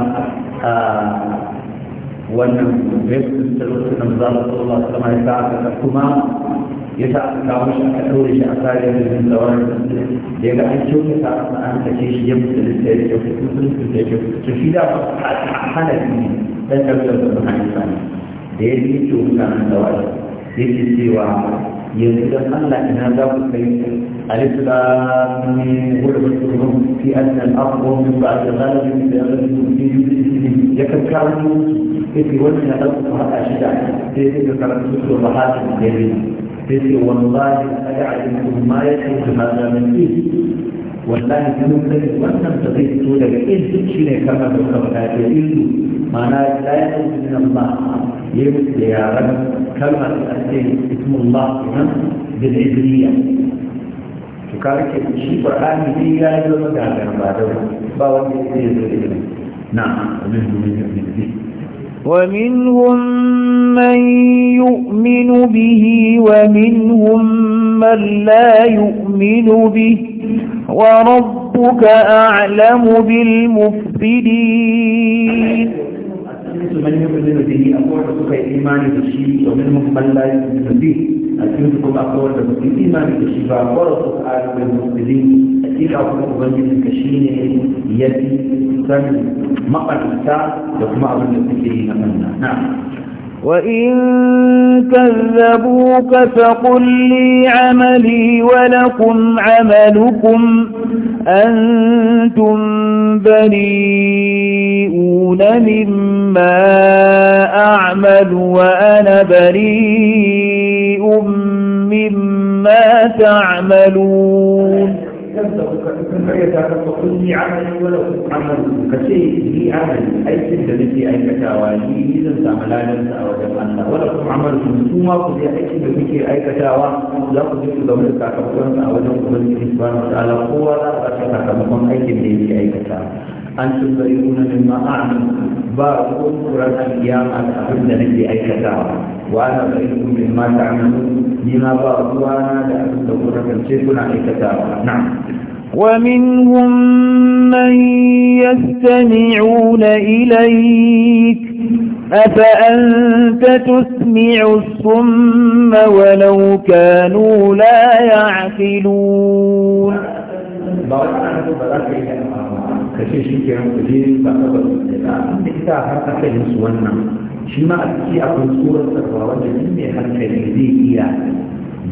wannan vestin da lokacin da za su Allah sama ya sa aka kuma ya sa aka kawo shi aka ɗaure shi a tsari da yin tsawon da ya ga an kyautata a an sake shi ya mutu da ya kyautata sun da ya kyautata to shi da a hana ne dan da da da da da da da da da da da da da da da yanzu dan Allah ina za ku kai alif lam gulbat ruhum fi anna al-ardh da min ba'd ghalib bi ghalib ya kan kawo yake wannan na dauka ku hada shi da sai sai ka karanta su ba hatin da yayi sai sai wallahi a'lamu ma yakun hada min fi wallahi kun sai wannan da zai fito daga ilmi shine kamar da kuma da ilmi معناها لا يخرج من الله يمس يا رب كما اسم الله هنا بالعبرية وكذلك شيء قرآن دي لا يزول مجال بعد بعد نعم ومنهم من يؤمن به ومنهم من لا يؤمن به وربك أعلم بالمفسدين cikin man yu'minu bihi akwai da suka yi imani da shi domin minhum man la yu'minu bihi a cikin su kuma akwai da suka yi imani da shi ba akwai da suka ayi da mu'minin a cikin akwai ubangijin ka shine yafi sanin mabarta da kuma abin da suke yi na manna na'am وإن كذبوك فقل لي عملي ولكم عملكم أنتم بريئون مما أعمل وأنا بريء مما تعملون da kuka kun karya ta kanka kun yi amali wala kun amalu ka ce ni amali aikin da nake aikatawa ni ni zan samu ladan sa a wajen Allah wala kun amalu kun su ma ku je aikin da kuke aikatawa za ku je ku ga wani sakamakon a wajen Ubangiji subhanahu wa ta'ala kowa za a sakamakon aikin da yake aikatawa أنتم تبرئون مما أعمل باركم قرآن الأيام أن أحب مثلي أي كتاب وأنا بريء مما تعملون بما باركوا أنا لأحب قرآن شركنا أي كتاب نعم ومنهم من يستمعون إليك أفأنت تسمع الصم ولو كانوا لا يعقلون ka shi ke nan je ba ta ba inda ita har aka kai su wannan shi ma a ciki akwai tsoron sarrafa wanda duk mai hankali zai iya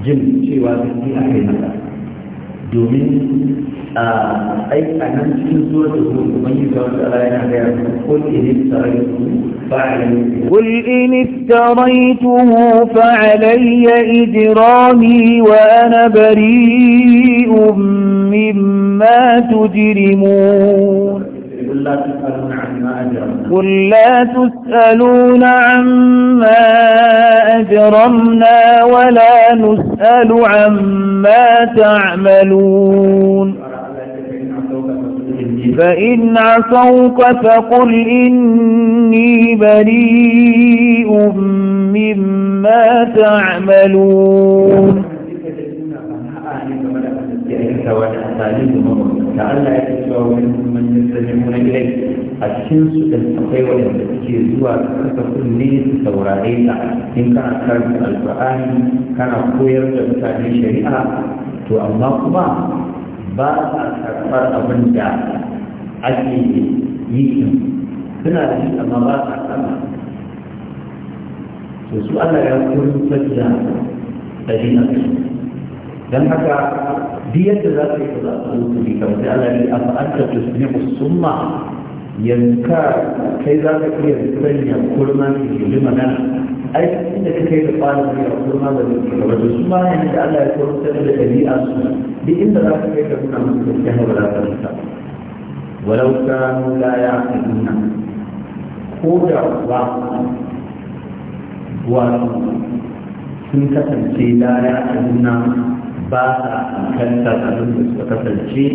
jin cewa zai iya kai masa domin a ai a nan cikin zuwa da kuma ubangiji ta wata ala yana gaya kul in su قل إن افتريته فعلي إجرامي وأنا بريء مما تجرمون قل لا تسألون عما أجرمنا ولا نسأل عما تعملون فإن عصوك فقل إني بريء مما تعملون ta wani amfani da mamuni da Allah ya kusa a cikin su da akwai waɗanda suke zuwa ka kasa kunne su ta in kana alfa'ani kana koyar da shari'a to amma kuma ba a karɓar abin da ake yi suna da shi amma ba a ya koyi ɗari dan maka dia telah za ka yi za su zo su kamar sai Allah ya afa anta tusmi'u summa yanka kai za ka iya sanya kurma ki ji magana ai inda ka kai da fara da kurma da ke gaba da su ma yana da Allah ya koro ta da dabi'a su duk inda za ka kai ka nuna walau kanu layak ya'qiluna kuda da ba wato sun kasance la ya'qiluna ba sa a abin da suka kasance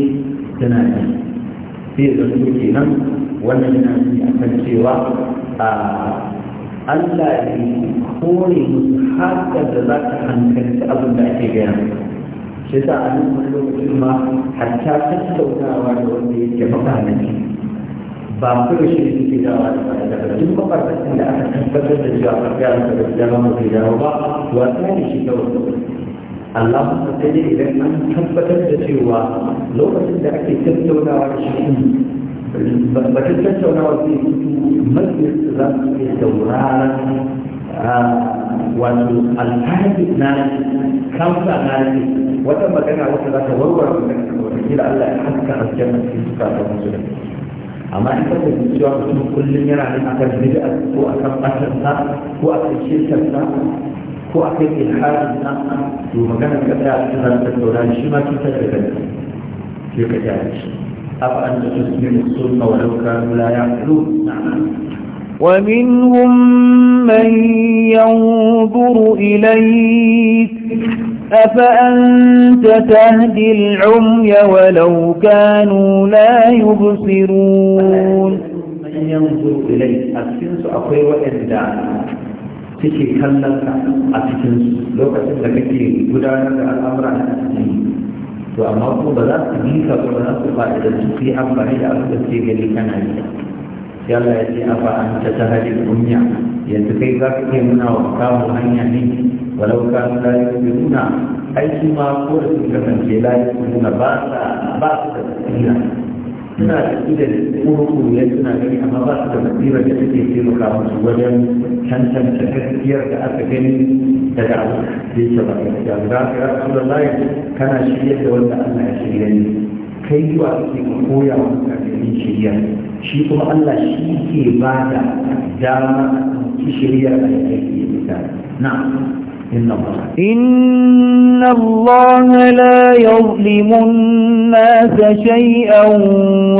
tana ne sai da su ke nan wannan yana nuni a kan cewa a Allah ne kore musu hakan da za ka hankalci abin da ake gaya shi sa a nan wani lokacin ma hatta tattaunawa da wanda yake mafarnaci ba kuma shi ne ke dawa da fara daga duk mafarkacin da aka tabbatar da cewa a ƙarfi da dawo ba wasa ne shi kawai Allah sai dai idan an tabbatar da cewa lokacin da ake tattaunawa da shi batun tattaunawa zai fito mafi za su iya sauraron ah, wato alhaji na kamsa na ne wata magana wata za ta warware da wata gida Allah ya haska hasken na cikin suka ta da amma in ka fahimci cewa mutum kullum yana nan akan bid'a ko akan batarsa ko akan shirkarsa ko a kai ilhari na to magana ka tsaya a cikin ranar tattauna shi ma cutar da kanta ke ka tsaya da shi afa an da tusmin sunna wa lauka la ya'lu ومنهم من ينظر إليك أفأنت تهدي العمي ولو كانوا لا يبصرون من ينظر إليك أكسنس أخي وإن دعنا suke kallon a cikin lokacin da kake gudanar da al'amura na cikin to amma ko ba za su bi ka ba za su faɗi da su amfani da abin da suke gani kana yi yalla ya ce afa an ta ta hali dunya yanzu kai za ka iya nuna wa kamu hanya ne walau ka la yi ai Aiki ma ko da su kasance layi? yu'minuna ba ba su da tsira suna da da kurkuru ya suna gani amma ba su da basira da suke taimaka musu wajen tantance gaskiyar da aka gani daga abu da yake ba gaskiya ba za ka yi rasulullahi kana shirya da wanda Allah ya shirya ne kai zuwa ke koya wa mutane shirya shi kuma Allah shi ke ba da dama ki shirya a yake mutane na'am إن الله لا يظلم الناس شيئا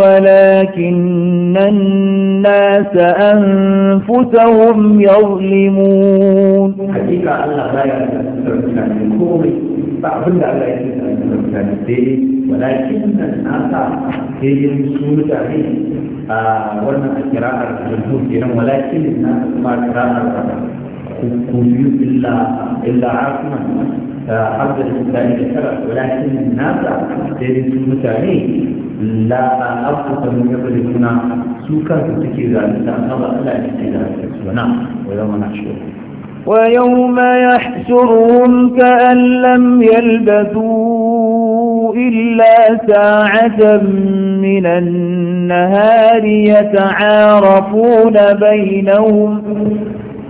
ولكن الناس أنفسهم يظلمون حقيقة الله الله لا يظلم الناس من ولكن الناس هي عليه آه، ولكن الناس ما إلا إلا حرب الإنسانية ولكن الناس لا من سوكا الله لا نعم. ويوم ويوم يحشرهم كأن لم يلبثوا إلا ساعة من النهار يتعارفون بينهم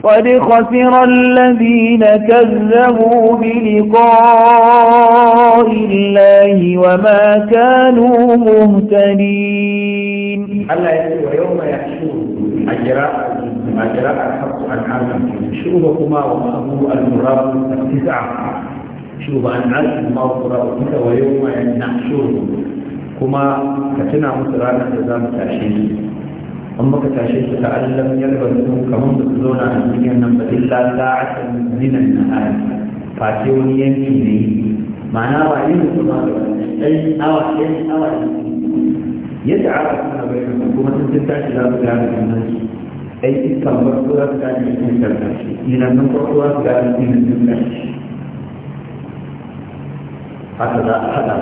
قد خسر الذين كذبوا بلقاء الله وما كانوا مهتدين الله يقول ويوم يحشرهم أجراء أجراء الحق عن عالم شعوبكما ومأمور المراب التسعة شعوب عن عالم المراب ويوم يحشرهم كما كتنا مسرانا جزام تاشين an muka tashe su ta allam yalba su kamar da su zauna a duniyar nan ba illa sa'atan minan nahari face wani yanki ne ma'ana ba yin su ma ɗan awa ɗan awa yadda aka suna bayyana kuma sun tashi za su gane junansu أي تنظر صورة كان يكون كالكش إلى نظر صورة كان يكون كالكش هكذا حدث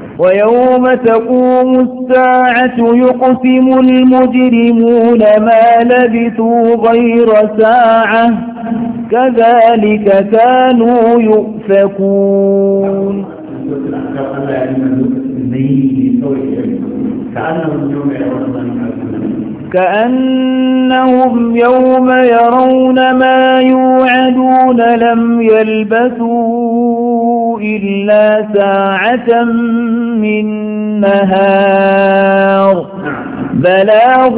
ويوم تقوم الساعة يقسم المجرمون ما لبثوا غير ساعة كذلك كانوا يؤفكون كأنهم يوم يعرضون كأنهم يوم يرون ما يوعدون لم يلبثوا إلا ساعة من نهار بلاغ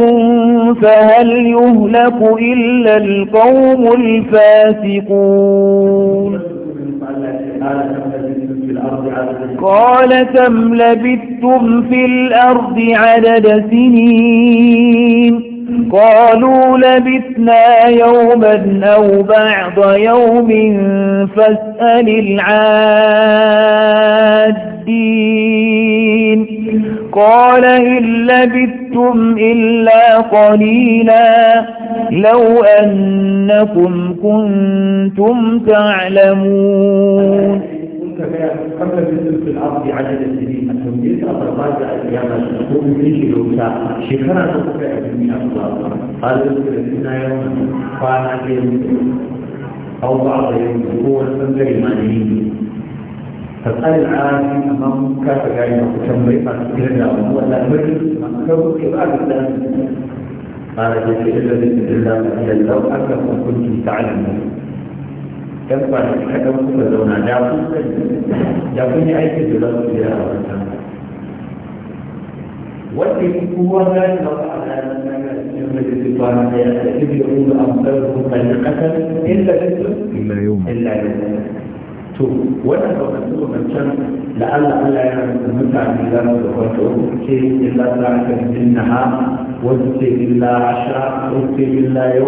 فهل يهلك إلا القوم الفاسقون قال كم لبثتم في الأرض عدد سنين قالوا لبثنا يوما أو بعض يوم فاسأل العادين قال إن لبثتم إلا قليلا لو أنكم كنتم تعلمون قبل كم في الأرض عدد السنين أنهم يسرى فالراجع القيامة يقوم فيه الوساء شكرا لك من أفضل قال لنا يوما قال يوم أو بعض يوم هو الفنجر مانعين فقال العالم أمام كافة قائمة وتنبيقا لنا ولا مرد مكتوب كبار الثاني قال جل الذي إلا لو أنكم كنتم تعلمون dan kwanaki kaɗan kuka zauna da kun da kun yi aikin da za ku jira a wancan wanda yi kowa gani da wata alaƙa na cikin majalisi kwana da ya ɗaɗi da yi da amsar hukumar da ƙasar illa da su illa yau illa yau to wannan kwanaki wancan la'alla Allah yana da mutane za su da kwanto ce illa za a kan jinnaha wasu ce illa asha wasu ce illa yau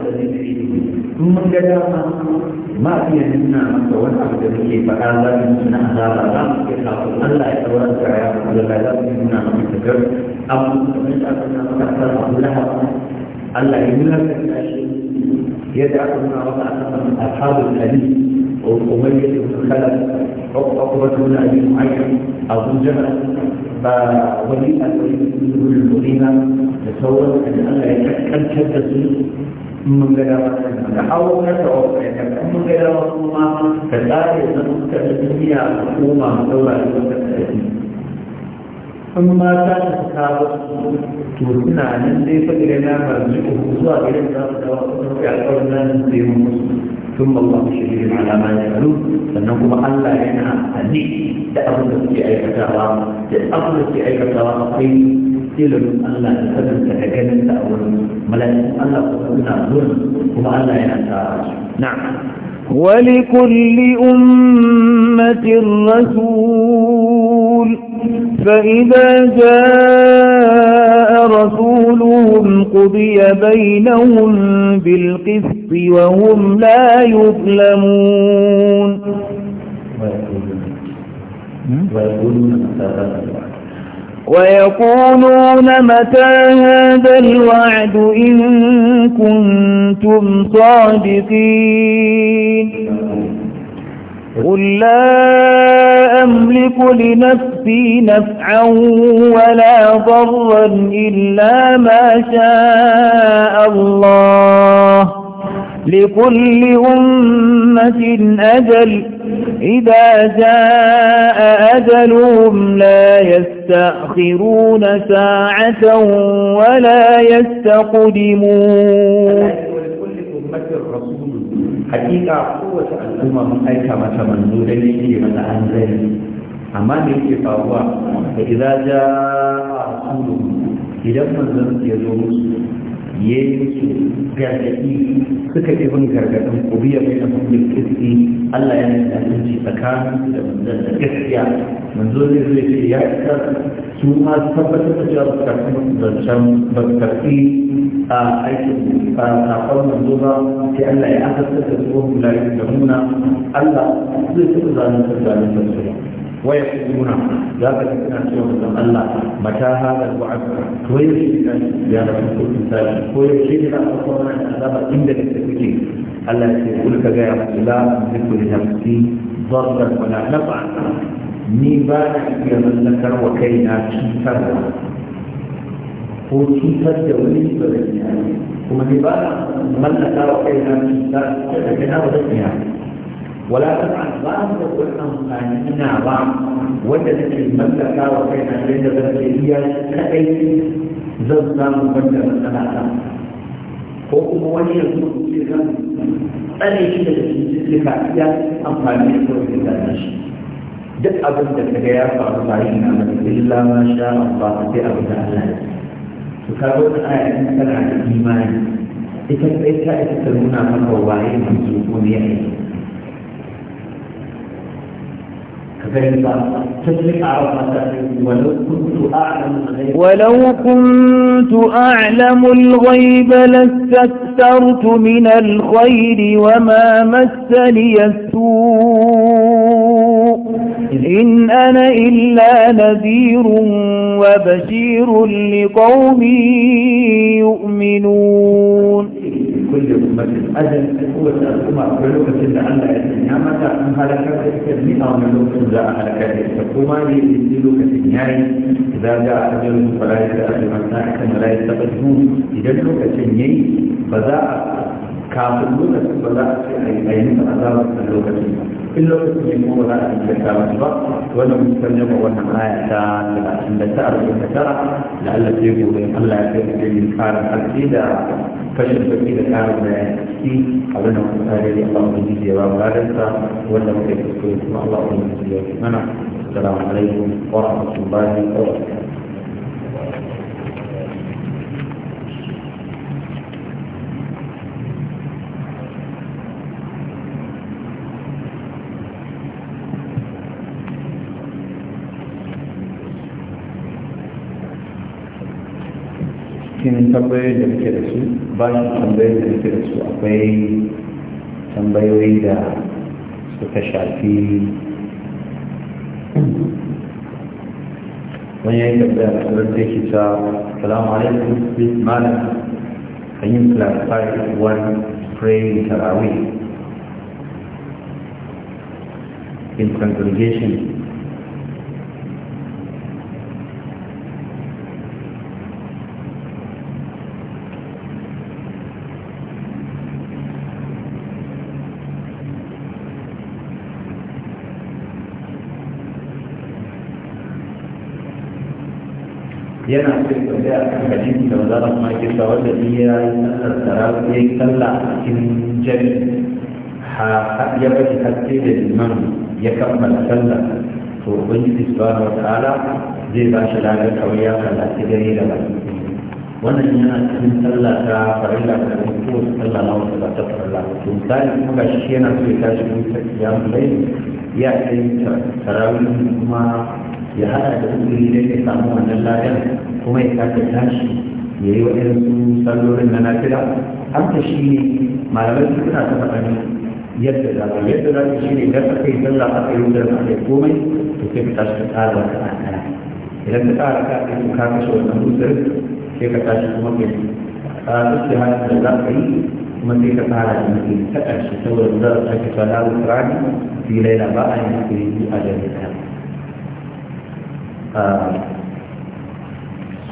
in mun ga dama ma iya nuna masa wani abu da muke faɗa za mu nuna azaba za mu iya kafin Allah ya tsawar da ya da ba za mu nuna masa da gar abu da aka nuna masa a kan abu lahab Allah ya nuna ka shi yadda aka nuna masa a kan ashabul hadith أمية بن خلف أقوى بن أبي معين أو جهل جبل الوليد أبو المدينة تصور أن أنا يتأكد كذب من غير تحاول تدعو من غير مفهومة كذلك نمت هي مفهومة دولة in ma ta ta kawo to suna nan dai fa na marjiku zuwa gidan za su dawo su ya kawo nan sai mu musu ثم الله شهيد على ما يفعلون فانه فانكم الا ينهى عني تاخذ في اي فتاوى تاخذ في اي فتاوى قيل سلم الا تسلم تتجنن تاول ملائكه الله تسلمنا ظلم وما الا ينهى نعم ولكل أمة رسول فإذا جاء رسولهم قضي بينهم بالقسط وهم لا يظلمون ويقولون ويقولون متى هذا الوعد إن كنتم صادقين قل لا أملك لنفسي نفعا ولا ضرا إلا ما شاء الله لكل أمة أجل إذا جاء أجلهم لا يستأخرون ساعة ولا يستقدمون حقيقة قوة الأمة من أي كما تمنوا لديه من أنزل أما لكي فهو إذا جاء رسولهم إذا منزل يزور ya yi musu gargaɗi suka yi bin gargaɗin kubiya mai na kuɗin kristi Allah ya yi kasance tsakanin da manzan da gaskiya manzo zai zai ce ya isa su ma tabbatar da cewa ba su zancen ba su karfi a aikin sakon manzo ba sai Allah ya asasa da tsohon layu da nuna Allah zai tafi zanen da zanen da su waya kuna za ka ji kana cewa manzon Allah mata hada wa'ad to ya shi da ya da ko insani ko ya shi da ko wannan azaba inda kake kuke Allah ya ce kul ka ga ya la amliku li nafsi darran wala naf'an ni ba na iya mallakar wa kai kaina cutarwa ko cutar da wani ba zan kuma ni ba na mallaka wa kai na cutar da kaina ba da zan ولا تفعل ظاهر تقول انهم قائمين اعضاء وجدت المملكه وكان عند بلديه كاي زلزال مبكر ثلاثه هو مواجهه مؤسسه أي شيء في الاتفاقيات أم في المدينة إلا ما شاء الله في أرض الله. فكرون آية من سنة الإيمان. إذا كنت أنت تتكلمون عن الله وعيه من ولو كنت أعلم الغيب لاستكثرت من الخير وما مسني السوء إن أنا إلا نذير وبشير لقوم يؤمنون kulli ummatin ajal kowace al'umma akwai lokacin da Allah ya sanya mata an halakar da ita ni a wani lokacin za a halakar da ita kuma ne in lokacin yayi za ga ajalin fara da ajalin idan lokacin yayi ba a kafin lokacin ba za a ce a yi a yi a lokacin da lokacin in lokacin ne kuma za a yi da kafin ba wanda mun ne ba wannan aya ta talatin da ta arba'in da tara da Allah ke gobe Allah ya kai da yin karin haske da fashin sauki da karin bayani a ciki abin da kuma tare da Allah wani ba yawa bayansa wanda muka yi kuskure kuma Allah wani da yawa mana assalamu alaikum wa rahmatullahi wa barakatuh cikin tambayoyin da muke da su bashin tambayoyin da muke da su akwai tambayoyi da suka shafi wani ya yi tambaya a tsarar da ke ta salamu alaikum please malam can you clarify one praying tarawih in congregation zai kwace a kan da wanda Allah ke sa wanda ni ya yi sallar tarawih ya yi sallah a cikin jari ya bari haske da liman ya kammala sallah to ubangiji subhanahu wataala zai ba shi lagar kawai ya kallaci gari da baki wannan yana cikin sallah ta farilla da ko kowace sallah na wata ta farilla to misali kuma ga shi yana so ya tashi mun ya mulai ya kai tarawih kuma ya hada da uzuri da ya samu wannan lagar kuma ya sake tashi ya yi waɗansu sallolin na nafila haka shi ne malamai su suna ta faɗa yadda za ka yadda za ka shi ne idan aka yi zalla a yi wutar aka yi komai to sai ka tashi ka tsara wata ɗaya idan ka tsara ka ɗaya ka kashe wannan wutar sai ka tashi kuma ka yi tsara su hada da za ka yi kuma sai ka tsara da mutum ta ƙarshe saboda za a sake tsara wutar rani fi laila ba a yi mutum a jami'a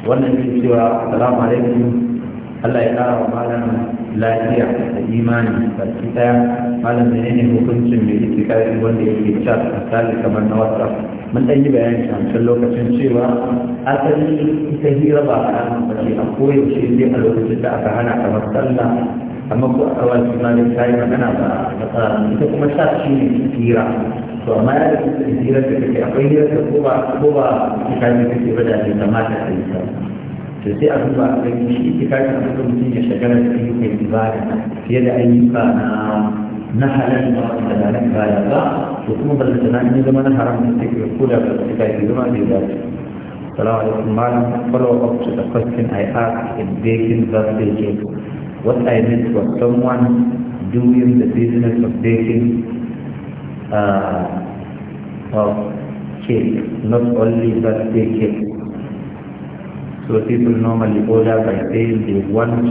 wannan ke cewa salamu alaikum Allah ya kara wa malam lafiya da imani baki ɗaya malam ne hukuncin mai yake kai wanda yake chat misali kamar na WhatsApp mun ɗan yi bayani a cikin lokacin cewa asali ita hira ba a ba ce a koyaushe sai a lokacin da aka hana kamar sallah amma ko a wani suna da ta yi magana ba a ita kuma sa shi ne tsira to amma ya da tsira ta kake akwai hira ta ko ba ko ba kitabi ta ke bada ne kamata ta yi ta to sai a duba a kai shi ita kitabi ta kuma mutum ya shagala da ayyukan ibada fiye da ayyuka na na halin da ba da na nan baya ba to kuma ba zai na ne zama na haram da take ko da ba su ta yi zama bai dace Assalamu alaikum malam follow up to the question I asked in baking birthday cake What I meant was someone doing the business of dating, uh, of cake, not only birthday cake. So people normally order by saying they want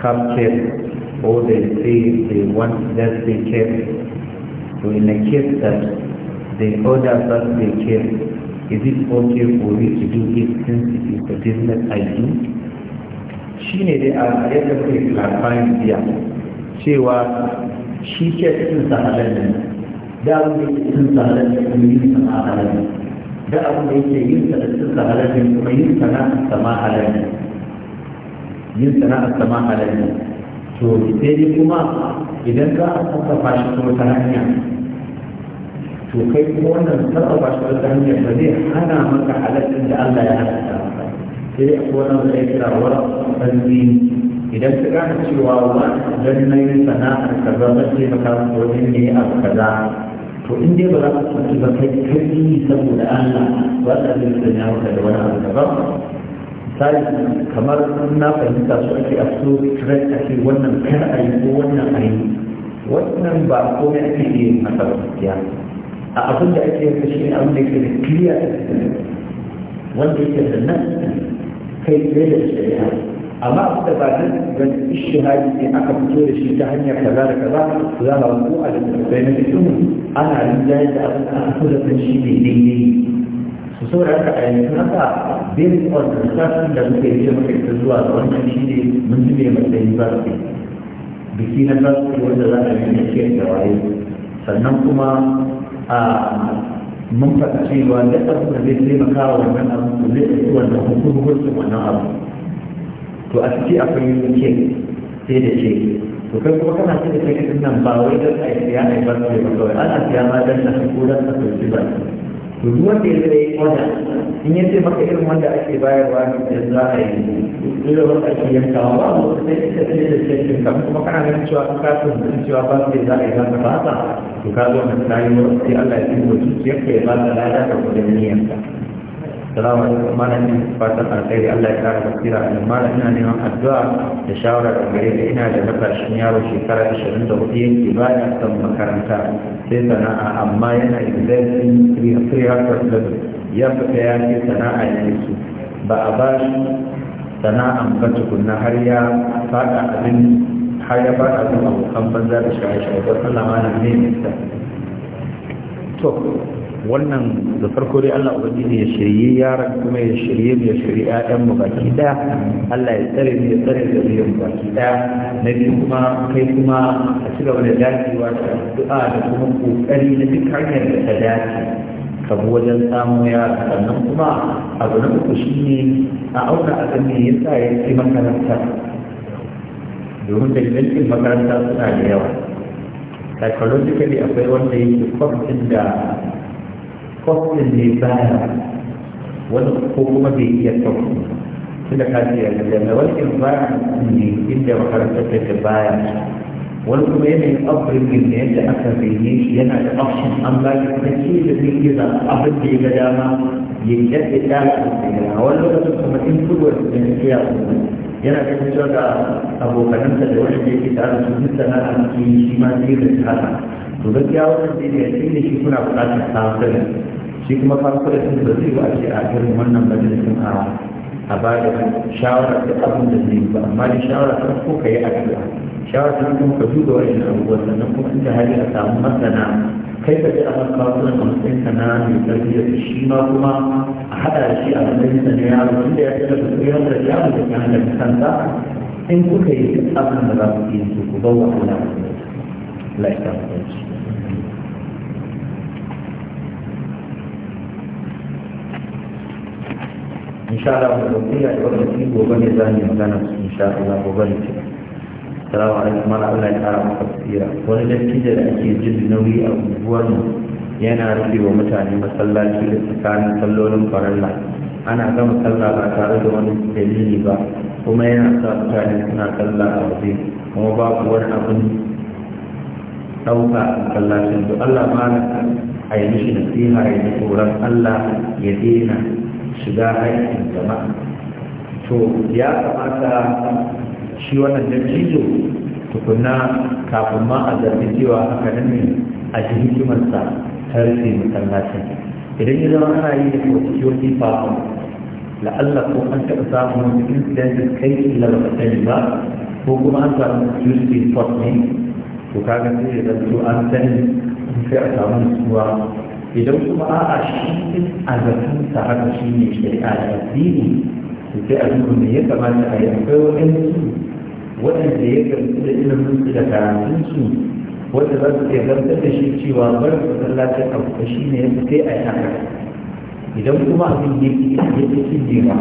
cupcake or they say they want birthday cake. So in the case that they order birthday cake, is it okay for you to do it since it is the business I do? shi ne dai a yadda muke labarin biya cewa shi ke cikin sahalar ne da abin da yake cikin sahalar ne kuma yin sa halar ne da abin da yake yin sa da cikin sahalar ne kuma yin sa na sama halar ne yin sa na sama halar ne to sai dai kuma idan ka sarrafa shi kuma ta hanya to kai kuma wannan sarrafa shi ta hanya ba zai hana maka halaccin da Allah ya halatta sai a kowane da ya kira wa tsanni idan ka gane cewa wa dan na yi sana'ar za ba ce maka wajen ne a kaza to in dai ba za ka tsanci ba kai kai saboda Allah ba ta zai sanya maka da wani abu ba Sa'i kamar na fahimta su ake a so trend ake wannan kar a yi ko wannan a yi wannan ba komai ake yi masa ba gaskiya a abin da ake yi shi ne abin da yake da clear wanda yake da nan kai tsaye da shari'a amma abu da ba nan ban ishihadi ne aka fito da shi ta hanyar kaza da kaza za a ko a littattafai na fitin ana rinjaye da abin da aka da kan shi mai daidai su saboda haka a yanzu haka based on the da muke yi da muka yi zuwa ga wannan shi ne mun zube matsayin ba su biki na ba su wanda za a yi na ciyar da waye sannan kuma a mun faɗa cewa da ɗarfin zai taimaka wa wannan abu zai ɗauki wannan hukuncin wannan abu to a ciki akwai ke sai da ce to kai kuma kana ce da kai nan ba wai don a yi siya a yi ba su ba kawai ana siya ma don na fi ko don ba to duk wanda ya zai wanda in yace maka irin wanda ake bayarwa ne da za a yi irin wanda ake yankawa ba da cikin kuma kana ganin cewa ka kasu da cewa ba sai za a yi zaka ba ta to ka zo na tayi ya ya ba ta lada salamu alaikum malamin fatan alkhairi Allah ya kara basira a malam ina neman addu'a da shawara da gare ka ina da matashin yaro shekara 24 yake baya son makaranta sai sana'a amma yana exerting 300 level ya fita ya ce sana'a ya yake ba a ba shi sana'a ba tukunna har ya fada abin har ya fada abin abokan banza da shaye-shaye don Allah malam ne to wannan da farko dai Allah ubangiji ya shirye yaran kuma ya shirye mai shari'a ƴaƴan mu baki ɗaya, Allah ya tsare ya tsare da mu baki ɗaya, na biyu kuma kai kuma a ci gaba da dacewa da addu'a da kuma kokari na duk hanyar da ta dace ka bi wajen samu yara sannan kuma abu na uku shine a auna a kan ya sa ya ci makaranta domin dalilan makaranta suna da yawa psychologically akwai wanda yake kwamfin da kwastin ne baya wani ko kuma bai iya sauki tunda da ce yanzu da mai wani environment ne inda makarantar ta ke baya wani kuma yanayin upbringing ne yadda aka rene shi yana da option an ba shi ta ce da zai iya za a abin da ya ga dama ya yadda ya da ya a wani lokacin kuma in influence da ya ke iya yana da cewa da abokanansa da wani da yake tare da su duk sana'a ke shi ma zai da haka to gaskiya wannan sai da shi ne shi kuna buƙatar kansila shi kuma da sun da zai ba a ce a irin wannan majalisun a a ba da shawara da abin da zai ba amma da shawara ta ko ka yi addu'a shawara ta kuma ka duba wani wa'in abubuwan sannan kuma inda hali a samu masana kai ka ji ka kasuwan a matsayin ka na mai tarbiyya da shi ma kuma a haɗa shi a matsayin sa ya yaro inda ya tsaya da tsayuwar da ya da ya halatta kansa in kuka yi duk abin da za ku iya su ku bauwa Allah ku lafiya ku insha Allah mu dauki ya da wannan shi gobe ne za mu magana insha Allah gobe ne salamu alaikum mala Allah ya kara maka tsira wani dattijo da ake jin nauyi a unguwar yana rufe wa mutane masallaci da tsakanin sallolin farilla ana gama sallah ba tare da wani dalili ba kuma yana sa mutane suna sallah a waje kuma babu wani abin ɗauka a masallacin to Allah ma a yi mishi nasiha ya ji tsoron Allah ya daina shiga aikin jama'a to ya kamata shi wannan dattijo tukuna kafin ma a zargi cewa haka nan ne a ji hikimarsa ta rufe masallacin idan ya zama ana yi da security power la'alla ko an taɓa samun wani incident kai illa ba ta ba ko kuma an samu security force ne to kaga sai ya zanto an sani sai a samu nutsuwa idan kuma a shi a zafin sa haka shi ne shari'a da addini to sai a duba me ya kamata a yi akwai waɗansu waɗanda ya gamsu da ilimin su da karatun su wanda za su iya gamsar da shi cewa bar masallacin abu ba shi ne sai a yi haka idan kuma abin ya fi ya fi cinyewa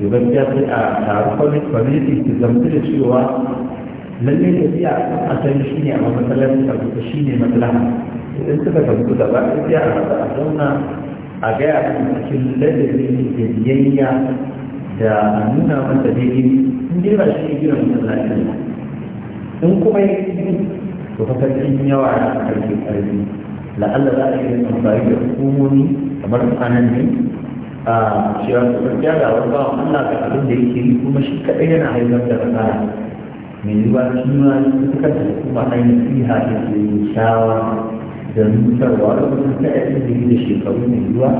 to gaskiya sai a taru community su gamsu da cewa lallai tafiya a asali shi ne a matsalar abu ba shi ne maslaha idan suka gamsu da ba su iya a zauna a gaya a cikin ladabi da biyayya da nuna masa daidai in dai ba shi gina masallacin ba in kuma yi to fa sarkin yawa na karfi karfi la'alla za a yi amfani da hukumomi kamar mutanen ne a cewa su karfiya da wani bawan Allah ga abin da yake yi kuma shi kaɗai yana haifar da rasara mai yiwuwa shi ma suka da hukuma ainihin siha da ke shawara da rubutarwa lokacin ta cikin da shekaru mai yiwa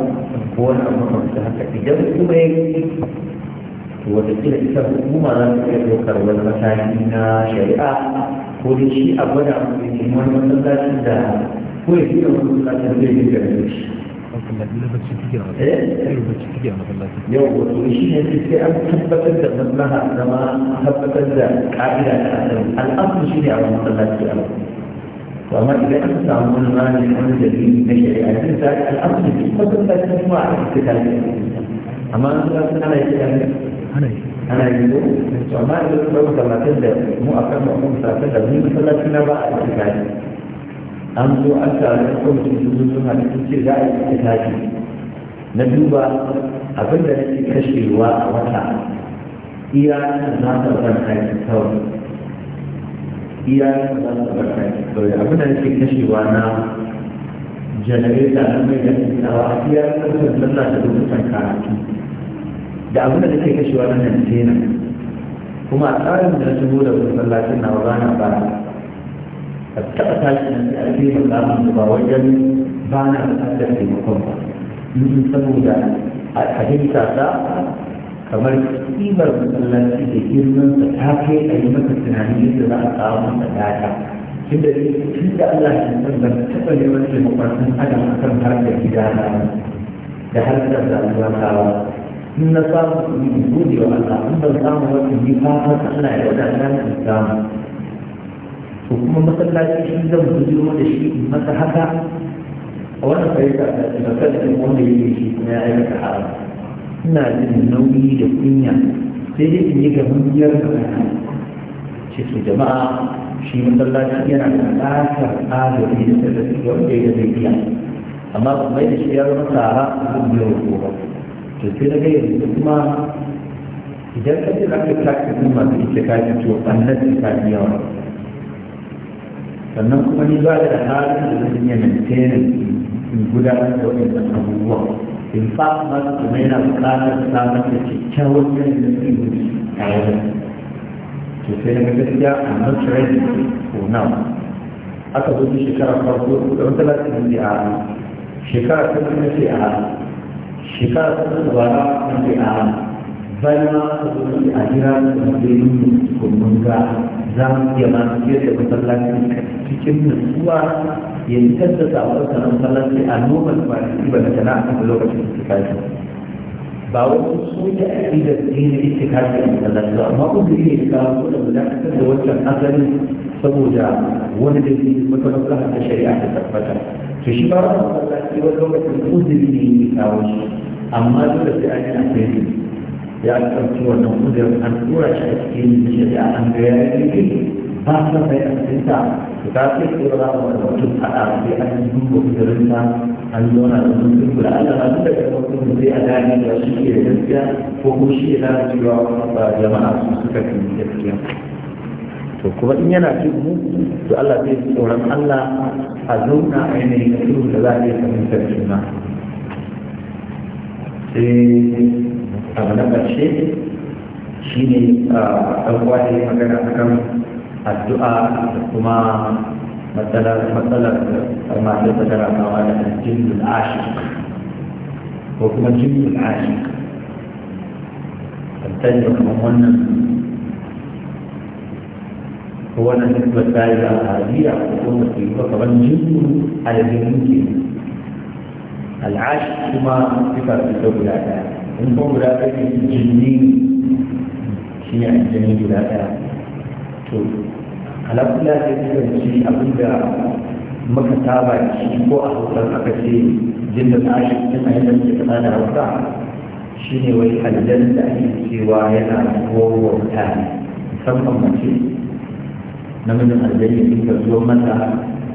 ko wani abu kamar haka idan kuma ya yi watakila ita hukuma za ta iya na shari'a ko shi a gwada mutum wani masallacin da ko ya zai shi eh? yau wato shi ne an tabbatar da maslaha zama tabbatar da ƙa'ida ta asali shi ne a وما إذا أنت عمون ما يكون جديد نشري أنت ذلك الأمر في فترة تسمع الكتاب أما أنت أنا يتكلم أنا يقول وما إذا لو كما تبدأ مو أكثر مؤمن فأكثر من مثلا كنا بقى الكتاب أم لو أنت أقول في جزء من الكتاب الكتاب نبيبا أبدا نتكشف وأوسع إيران ذات الغنائي الثوري iya yin da za su barka ne abin da yake kashewa na janareta na mai da tsawa iya kasar lallata lokutan karatu da abin da take kashewa na nantena kuma a tsarin da na shigo da masallacin na rana ba a taɓa tashi na sai a ce ba za ba wajen ba na buƙatar taimakon ba saboda a fahimta ta kamar kimar masallaci da girman sa ta kai a yi maka tunani yadda za a kawo masa data tun da tun da Allah ya san ban taɓa neman taimakon san adam a kan harkar gida na da harkar da Allah kawo in na samu kuɗi in gode wa Allah in ban samu wata ni fata Allah ya wadata na in samu to kuma masallaci shi zan bujiro da shi in masa haka a wannan fahimta da kan wanda yake shi kuma ya aikata haram ina jin nauyi da kunya sai dai in yi gamiyar da kana cikin jama'a shi masallaci yana da buƙatar agaji da ta tallafi wanda ya zai biya amma kuma da shi ya zama tsara a kan biyar gobe to sai na gaya da kuma idan ka ji zaka tafi sun masu ita ka ji to annan ta ka biya yawa. sannan kuma ni ba da halin da zan iya in gudanar da wani abubuwa in fact ba su kuma yana buƙatar samar da kyakkyawan yanayin ilimi a yau to sai na gaskiya a not ready for aka zo ta shekarar farko da wata latin da ta kuma ce a ta kuma ce a bana ma aka a jira su da yin kullum ga za mu iya ma su da masallaci cikin nutsuwa ya fitar da sabon sanar masallaci a noman kwanaki ba da sana'a a lokacin da suka yi ba wasu soja a yi da dina ita kashi a masallaci ba amma kun da yake kawo ko da guda da wancan asali saboda wani da ke wata maslaha ta shari'a ta tabbata to shi ba wani masallaci wani lokacin uzuri ne yake kawo shi amma da sai an yi a ya ɗauki wannan kudurin an tura shi a cikin shari'a an ga ya yi ba sa sai an tsinta su ta ce ko za mu da mutum sai an sa an zauna da mutum Allah na duka da mutum sai a gane da shi ke gaskiya ko shi ya cewa ba jama'a su suka fi gaskiya to kuma in yana cikin mu to Allah zai tsoron Allah a zauna a yanayin da da za a iya fahimtar juna eh, abu na ƙarshe shi ne ɗaukuwa da ya magana a kan addu'a da kuma matsalar masu tsakara kawa da jinnul ashik ko kuma jinnul ashik tattalin da kuma wannan ko wannan nisbar tsari da al'adiyya ko kuma su yi kamar jinnul aljinnu ke al'ashik kuma sifar da guda ɗaya in ko guda ɗaya ne jinni shi ne guda ɗaya to alakula ya kasance abin da muka saba shi ko a hausar aka ce jinin na shi yadda muke tsada da hausa shi ne wai aljan da ake cewa yana kowa mutane musamman mace namijin aljani sun ka zo mata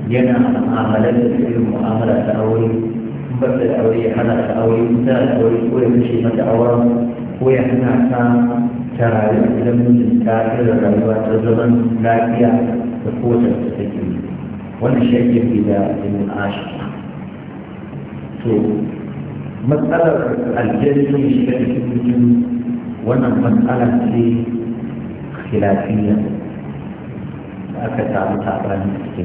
yana mu'amalar da yi mu'amala ta aure بس الأولي حنا الأولي مثال الأولي ويمشي متى أورام ويحنا ترى لم يجد كافر الرجوات رجلا لاكيا بقوة التسكين ونشكل إذا من عاشق مسألة الجنة شكل الجن وانا مسألة خلافية أكثر تعبان في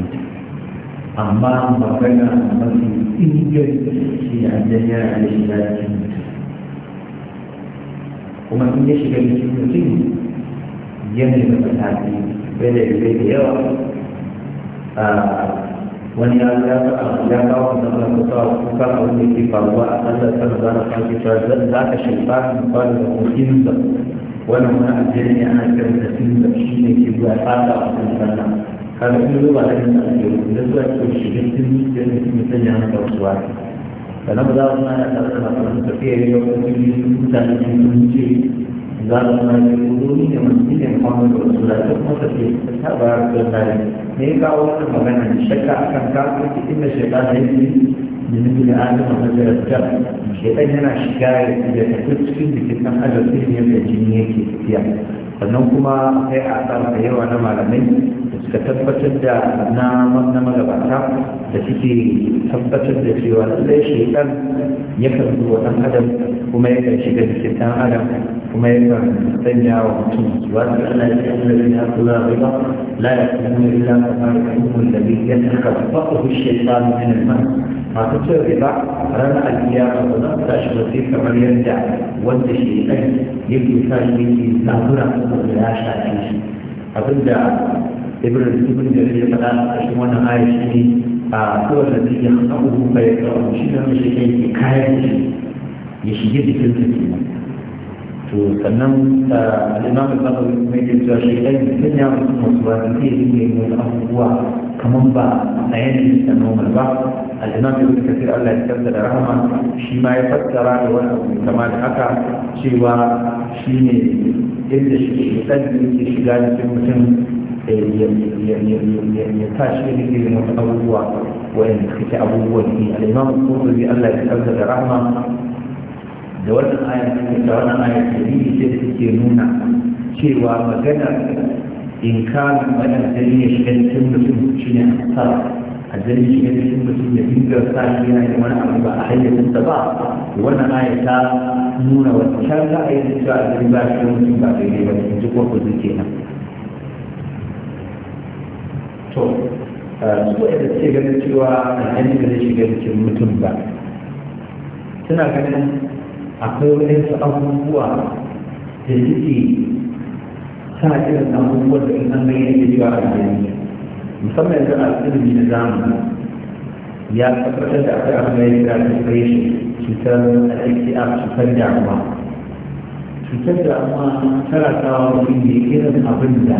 أمام ربنا أمام الإنجل في عندنا الإجابة وما كنا شكرا لكم كنا يمي بمساعدين بلا بلا وني الله يا كاو نظر كتاب كتاب أولي في بالوا الله تعالى نظر كتاب كتاب زاد زاد الشيطان قال المسلمين وانا ما أدري أنا كم تسمى بشيء كي بقى هذا أصلا kaga sun ba da kan ake da su ake shiga cikin da ne cikin sanya maka wasu wani sannan ba za su mana tare da masu tafiya ba ko cikin mutane sun ce za su mana yi kudoni da masu ne kwamon da wasu da duk masu tafiya ta ba da tsari ne ya kawo wata magana shakka akan kafin cikin da shekara ne min da adam a majalar dam shaitan yana shiga ya tafi cikin jikin ɗan adam sai ne yadda jini yake tafiya sannan kuma akwai asar da yawa na malamai da suka tabbatar da na magabata da suke tabbatar da cewa lallai shaitan yakan zo wa ɗan adam kuma yakan shiga jikin ɗan adam kuma ya yakan sanya wa mutum da ana yi cikin da na kula riba la ya kuma illa kamar da lalai ya taka ba ku shaitan min al-mas masu cin riba ranar alkiyama ba za ta shi wasu kamar yadda wanda shi ɗan yake sa shi yake zabura da ya shafe shi abinda ibrahim ibn da ya faɗa a cikin wannan ayar shi ne a kowar da zai yi abubuwa ya kawo shi ne mashi kai ke kayan shi ya shige jikin ke kenan to sannan al'imam al-bakar mai jirgin shi ɗan mutum ya mutum masu ba zai yi ne abubuwa kamar ba a yanayin da normal ba al'imam ibn kasir Allah ya tsarda da rahama shi ma ya fassara da wani abu kama da haka cewa shi ne yadda shi da yake shiga cikin mutum eh, ya tashi da irin wasu abubuwa wayan suke abubuwa ne al'imam kurkuri Allah ya tsarda da rahama da wannan ayar da wannan ayar da ke nuna cewa magana kan wannan dare ya shiga cikin mutum shi ne a tsara a dare shiga cikin mutum ya dinga sa shi yana da wani abu ba a hayyacinsa ba wannan aya ta nuna wani ra'ayin za a dare ba shi mutum ba daidai ba cikin duk wanda zai ke nan. to su da suke ganin cewa alhaji ba zai shiga cikin mutum ba suna ganin akwai wani abubuwa da suke tana irin abubuwan da in an mai yake cewa a jami'a musamman yanzu a ilimi na zamani ya tabbatar da akwai abin da ya kira depression cutar al'aƙi'a ah, cutar damuwa cutar damuwa tana kawo mutum da irin abin da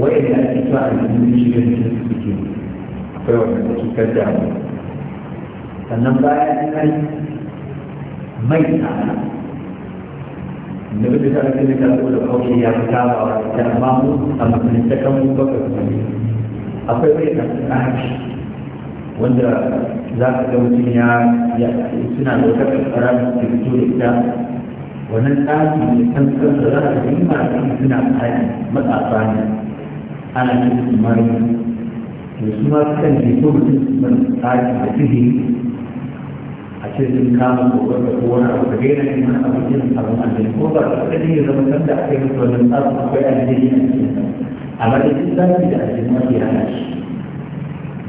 ne ake cewa a jami'a shigar cikin suke akwai wannan cutar damuwa sannan ya an mai tsada da duk da kan da kasu da kawai ya fi kama wa ta amma mu a mutum ta akwai bai kan tsari wanda za ka ga mutum ya suna da wata kasara da ke fito da wannan tsari ne kan kansa za ka yi ma suna tsari matsafa ne ana yin su mara su ma kan mutum tsari da sihiri ce sun kama kokar da wani abu da gaira ne mana abu irin abin aljini ko ba ta kaɗi ya zama kan da aka yi musu wajen tsarin akwai aljini a cikin a madadin zafi da aljini mafi hana shi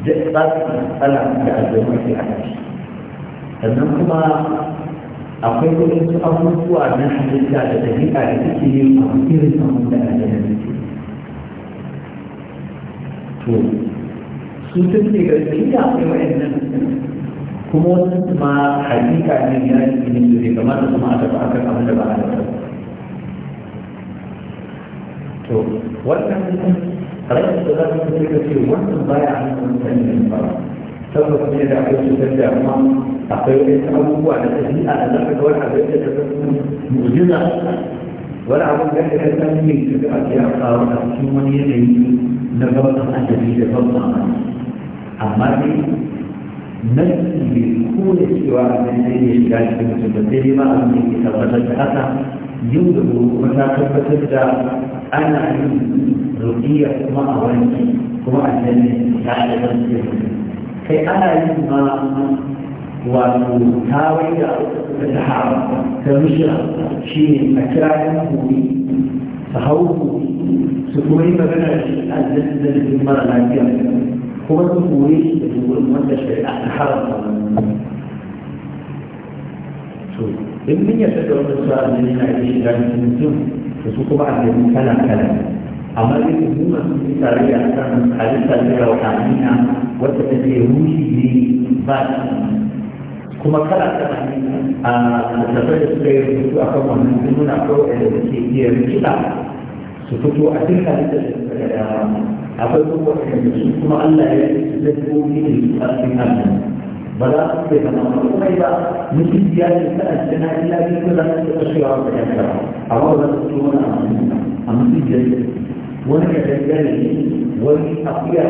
da tsarin matsala da aljini mafi hana shi sannan kuma akwai wasu abubuwa na halitta da ɗabi'a da suke yin abu irin abin da aljini suke to su sun ce gaskiya akwai wa'annan kuma wannan ma hakika ne ya yi ne da kamata kuma a tafi akan abin da ba a da to wannan rashin da za ka fi ka ce wannan baya an kuma sanin ba saboda kuma da akwai cutar da kuma akwai wani abubuwa da tafiya da zaka ga wani abin da ta zama mujiza wani abin da ka san mai tafi a biya kawo a cikin wani yanayi na gaba gaban annabi da ban mamaki amma dai nassi bai kone cewa abin sai ya shiga cikin mutum ba sai ma abin da ke tabbatar da haka yau da gobe kuma ta tabbatar da ana yin rukiya kuma a wani kuma a jani ta da zance kai ana yin ma wato ta waida da hawa ta rushira shi ne a kira yan gobe su hau su kuma yi magana shi a jani da mara lafiya kuma su koyi wurin wanda shari'a ta haramta wannan to in mun yarda da wannan sura ne yana iya shiga cikin mutum da su kuma a kala kala amma dai su mu masu yi tarayya a kan halitta ta rauhaniya wacce take ruhi ne ba kuma kala kala ne a tattafai da suka yi rubutu a kan wannan suke iya su fito a duk halittar da suka akwai kuma wasanni kuma Allah ya yi dabbobi ne a cikin Allah ba za su ce kama ba kai ba mutum ya ce kana cikin hali ya yi kuma za su ce kashe yawa da yanka a ba za su wani a mutum ya yi wani ya danga wani akuya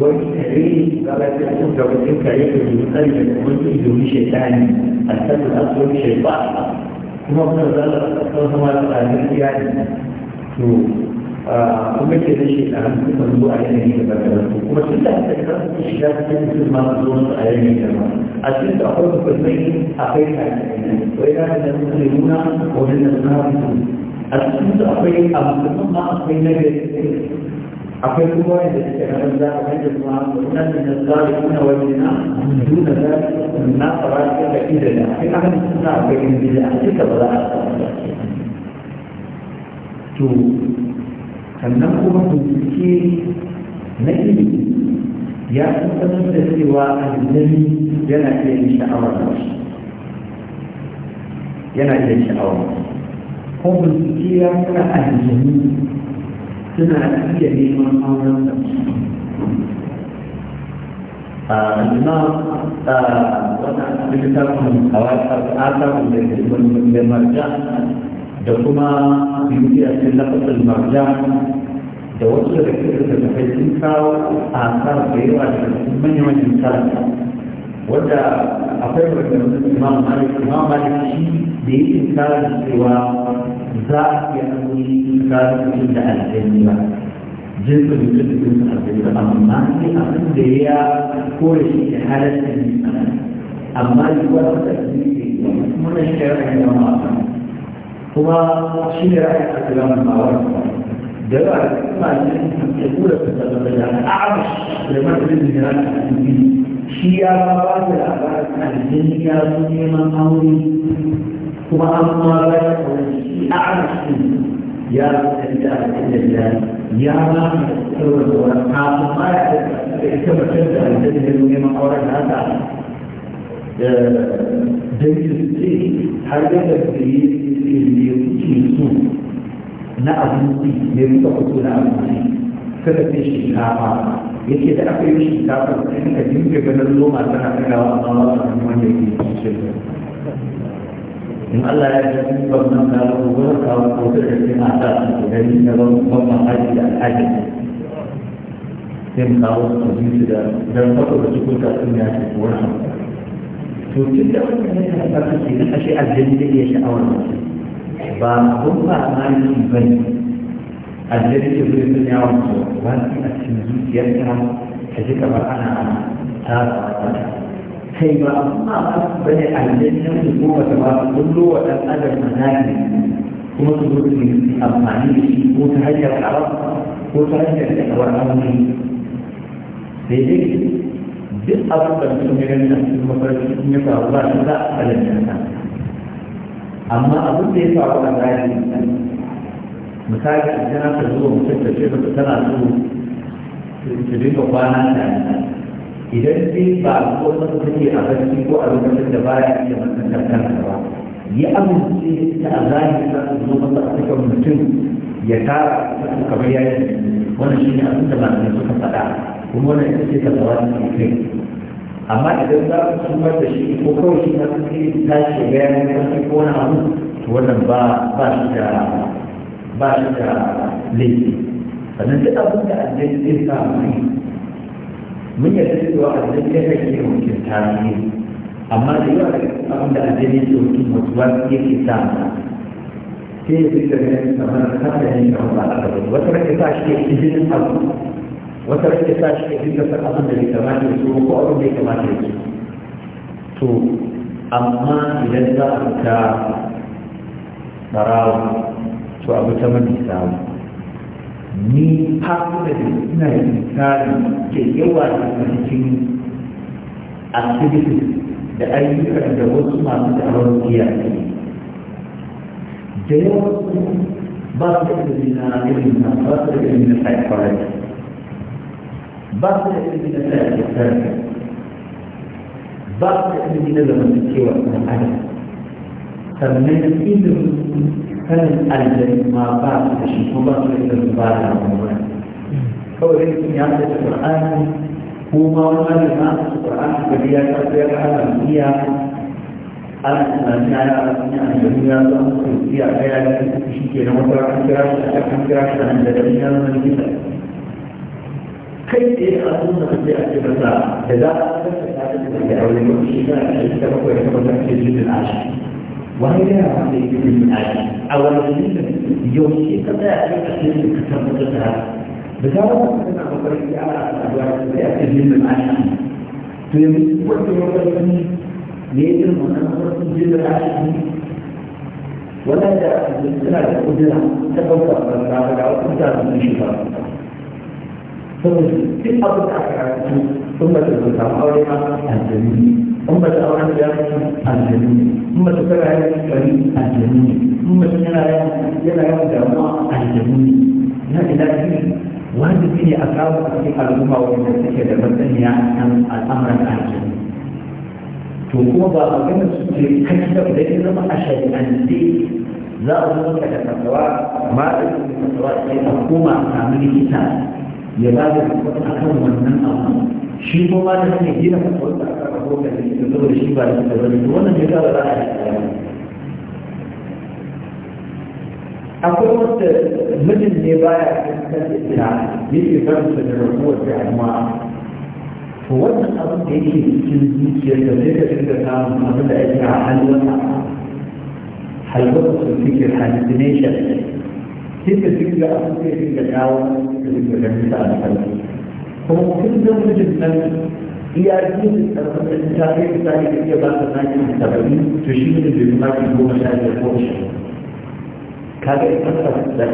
wani kare ga ba ta kun ga wani kare da ke tsari da kuma ke domin shaitani a tsarin asirin shaiba kuma kuma za su ce kama da tsarin iyali to kuma ke da shi a hannun zo a yanayi da bakarantu kuma tun da aka karanta shiga cikin da ma su a yanayi da ba a cikin da akwai musulmai akwai kakanni wai za da mutum nuna wajen da suna mutum a cikin da akwai a musulman ma akwai na gari akwai kuma da suke a kuma wannan da na zari kuna wani na duna za na fara da idana akwai akwai suna akwai indiya a cikin ba za a samu to sannan kuma bincike na ilimi ya tabbatar da cewa annabi yana iya yin sha'awar wasu yana iya yin sha'awar wasu ko bincike ya kira annabi suna iya neman auren da الإمام وضع في كتابه الحوادث آثار من المرجع da kuma biyu a cikin lafasar marjan da wasu daga cikin da ta sun kawo a kara da yawa da manyan manyan wanda akwai maganganun imam malik shi da yake cewa za a iya hanyoyi kara mutum da aljanni ba da aljanni ba amma abin da ya kore shi halatta ne amma yi wata da da yawa a kan kuma shi ne ra'ayin a kalaman mawar da yawa da kuma ne ke kula da tabbata da a'am da madalin da ya ci shi ya ba da labarin aljin ya zo neman aure kuma an ma ba da kawai shi a'am shi ya tafi da aljin da ya ma da sauran sauran kafin ma ya da ita mutum da aljin ya zo neman auren nasa da dangin ce har yadda su yi irin ne kuke so na abinci ne kuka fito na abinci suka ce shinkafa ya ce da aka yi shinkafa sai ka dinga ganin zoma tana kagawa a ba su wanda ke cikin in Allah ya ji sun ba nan da ku ga ka ko da ke na da na ban ban haji da alhaji sai mu kawo su ji da dan fako da cikin ta sun ya ce ko to tun da wannan ne ya ta ce na ashe aljanna ne ya sha'awar mutum ba abun mamaki ba ne a jirgin jirgin sun yawon su wani a cikin zuciyarta ta ji kamar ana ana ta fata kai ba abun mamaki ba ne jirgin su ko wata ba su kullo wa ɗan adam manani kuma su zo amfani da shi ko ta hanyar haram ko ta hanyar da kawar amfani sai dai duk abubuwan da mutum ganin a cikin mafarki in yi faruwa ba shi za a halatta amma abin da ya sa faru a zahiri misali idan ta zo mutum da ce ta tana so su dinga kwana tare idan dai ba ko wata take a barci ko a lokacin da ba baya iya mutuntar kansa ba ya amince ta a zahiri za su zo masa a cikin mutum ya tara kamar yayin wannan shi ne abin da malamai suka faɗa kuma wannan ita ce ta tsawon kai amma idan za ku sumar da shi ko kawai shi na kuke tashi bayan ya kasance ko wani abu to wannan ba ba shi da ba shi da laifi sannan duk abin da aljihar zai sa mai mun yarda cewa aljihar ya ke mutum tarihi amma da yawa abin da aljihar ya ke mutum mutuwa yake sa mutum sai ya fi da ganin kamar kasa ne kamar ba a wata rage sa shi ke fi abu wata rage sa shi ya dinga san abin da bai kamata ya so ko abin da ya kamata ya so to amma idan za a fita barawa to a ta mani samu ni haku da ina yi misali ke yawa da cikin activities da ayyukan da wasu masu taron giya ne da yawa ba su da na irin na ba su da irin na psychology ba su da ilimi na tsaye da ba su da ilimi na zamantakewa ɗan adam sannan ilimin kanin aljani ma ba su da shi kuma ba su da ilimin ba da abubuwa kawai ne ya tsaye da Kuma ma wani ma su ƙur'ani da biya ta tsaye da ana iya ana tunanin ya yi alaƙin yana da duniya su iya ɗaya da shi ke na kira shi a kira shi likita kai tsaye a nuna tafiya ce masa da za a tafiya ta tafiya a wani mutum na shi ta bakwai ta mata ce jirgin ashi wani yana wanda ya jirgin ashi a wani jirgin yaushe ka tsaya a cikin asirin ka tabbatar da da za a kuma tana mafarki ana saduwa da tafiya ce jirgin ashi to yanzu wanda mafarki ne ya jirgin wannan mafarki jirgin ashi wanda da suna da kudura ta ɗaukar da ta ga wasu mutane sun shi ba saboda duk abin da aka karatu sun ba ta zuta aure ma aljani in ba ta auren da yaro aljani in ba ta kara yaron kari aljani in ba ta yana yana yawan damuwa aljani na ina shi wanda shi ne a kawo a cikin al'umma wanda take da masaniya kan al'amuran to kuma ba a gina su ce kashi da ya zama a shari'ance za a zama ka da kasawa ma da kasawa sai a koma a samu likita ya ba da kuɗin a kan wannan abu shi ko ma da ne gina kuɗin a kan abokan da ke saboda shi ba da ba ne wannan ya zaba za a yi akwai wata mijin ne baya kan ita yake karanta da rabuwar jama'a to wannan abin da yake cikin zuciyar da zai ka shiga samun abin da ake a halwata halwata su fikir hallucination kinga dinga abin da dinga dawo da dinga ganin ta a kuma kun da mutum nan iya yin tsarkakar ta kai ta kai da iya ba ta naki da tabi to shi ne da ma ki goma sha biyar ko shi kaga ita ta da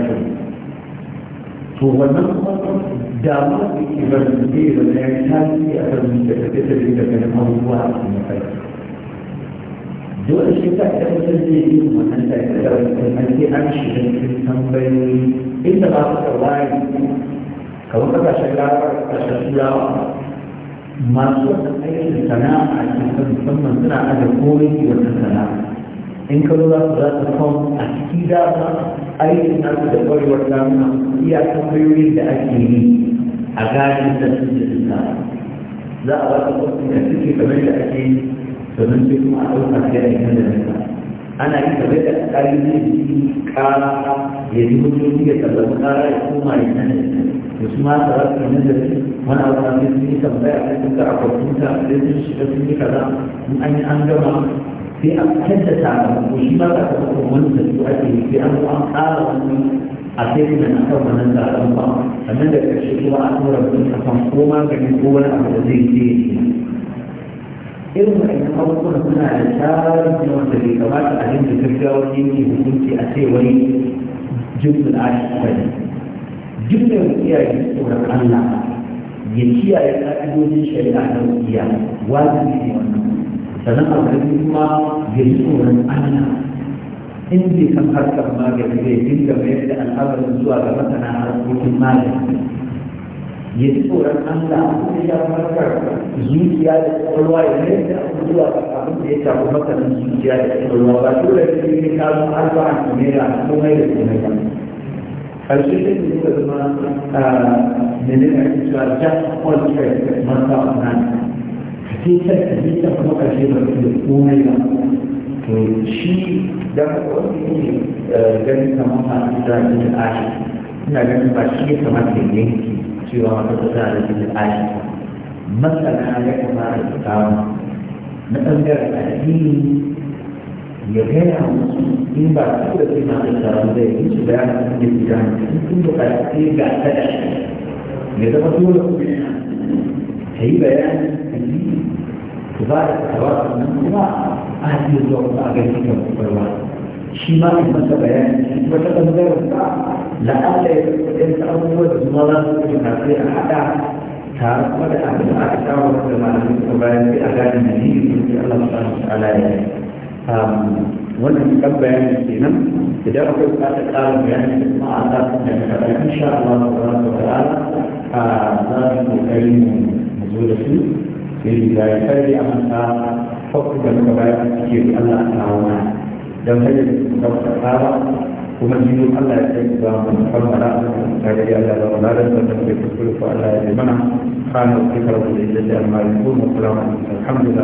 to wannan damuwa da ke bar da da ya ta yi a kan da ta dinga ganin abubuwa a cikin kai dole shi ta idan mutum zai yi wannan da ya da an sai an shiga cikin tambayoyi inda ba su kawai kamar kasashen larabar kasashen yawa masu wannan aikin sana'a a cikin musamman suna aje koyi wata sana'a in ka zo za su za su kawo a ciki dama aikin su da kwarewar damuna iya tambayoyin da ake yi a gajin da su da za a ba su kwakwai da suke kamar da ake yi domin sai kuma a ɗauka sai a yi kan da nisa ana yi kamar da ƙari ne ƙara ya ji hujjoji ya tabbata ƙara ya koma ya kan da nisa da su ma ta rasu kan da wani abu na sun yi tambaya a cikin da a kwamfuta sai sun shiga sun yi kaza in an yi an gama sai an kanta sakamako shi ma za ka kuma wani da su ake yi sai an zo an ƙara wani a sai kuma na kan wannan sakamako sannan da ƙarshe kuma a tura mutum a kan ko magani ko wani abu da zai ce irin wa'annan abubuwan suna da da wanda bai kamata a yin gaggawar yanke hukunci a ce wani jinsin ashi ba ne duk da kiyaye tsoron Allah ya kiyaye ƙa'idojin shari'a na rukiya wajibi ne wannan sannan a kuma ya ji tsoron Allah in bai san harkar magani zai dinga mayar da al'amarin zuwa ga masana harkokin magani ya ji tsoron Allah kuma ya farkar zuciya da kwakwalwa ya ne da abu zuwa abin da ya shafi masanin zuciya da kwakwalwa ba dole ne ne ka zo har tume a kimiyya komai da komai ba karshe da ke suka zama menene ake cewa just all trade da a wannan ka ce ta ka ce ta kuma karshe ba su da komai ba to shi da haka ne eh, ganin kamar masu da ake ina ganin ba shi ya kamata ya yanke cewa wata kusa da ke aisha masana ya kamata su kawo na ɓangaren addini ya gaya musu in ba su da ke masu tsaro zai yi su bayan sun yi gida sun da sai ga kada ya zama dole ku ta yi addini ku ba da tsawa sannan kuma a hajji zuwa kuma a gani kan shi ma in masa bayani shi kuma ta ɓangaren sa la'alla ya ɗan abubuwa da kuma za su yi kafin a haɗa tare kuma da abin da aka samu wanda malamin suka bayan sai a gane da ni da Allah subhanahu wa ta'ala ya yi wannan kan bayani kenan idan akwai bukatar ƙarin bayani da kuma a sa da kaɗa insha Allah subhanahu wa ta'ala a za mu kokari mu zo da su sai da ya kare a manta hukumar da bayan suke Allah ta hawa don hanyar da ta fara kuma jini Allah ya ce ba mu kammala ta da Allah da walalar da ta kuskure fa Allah ya ji mana kana ku karbu da yadda amma ku mu kula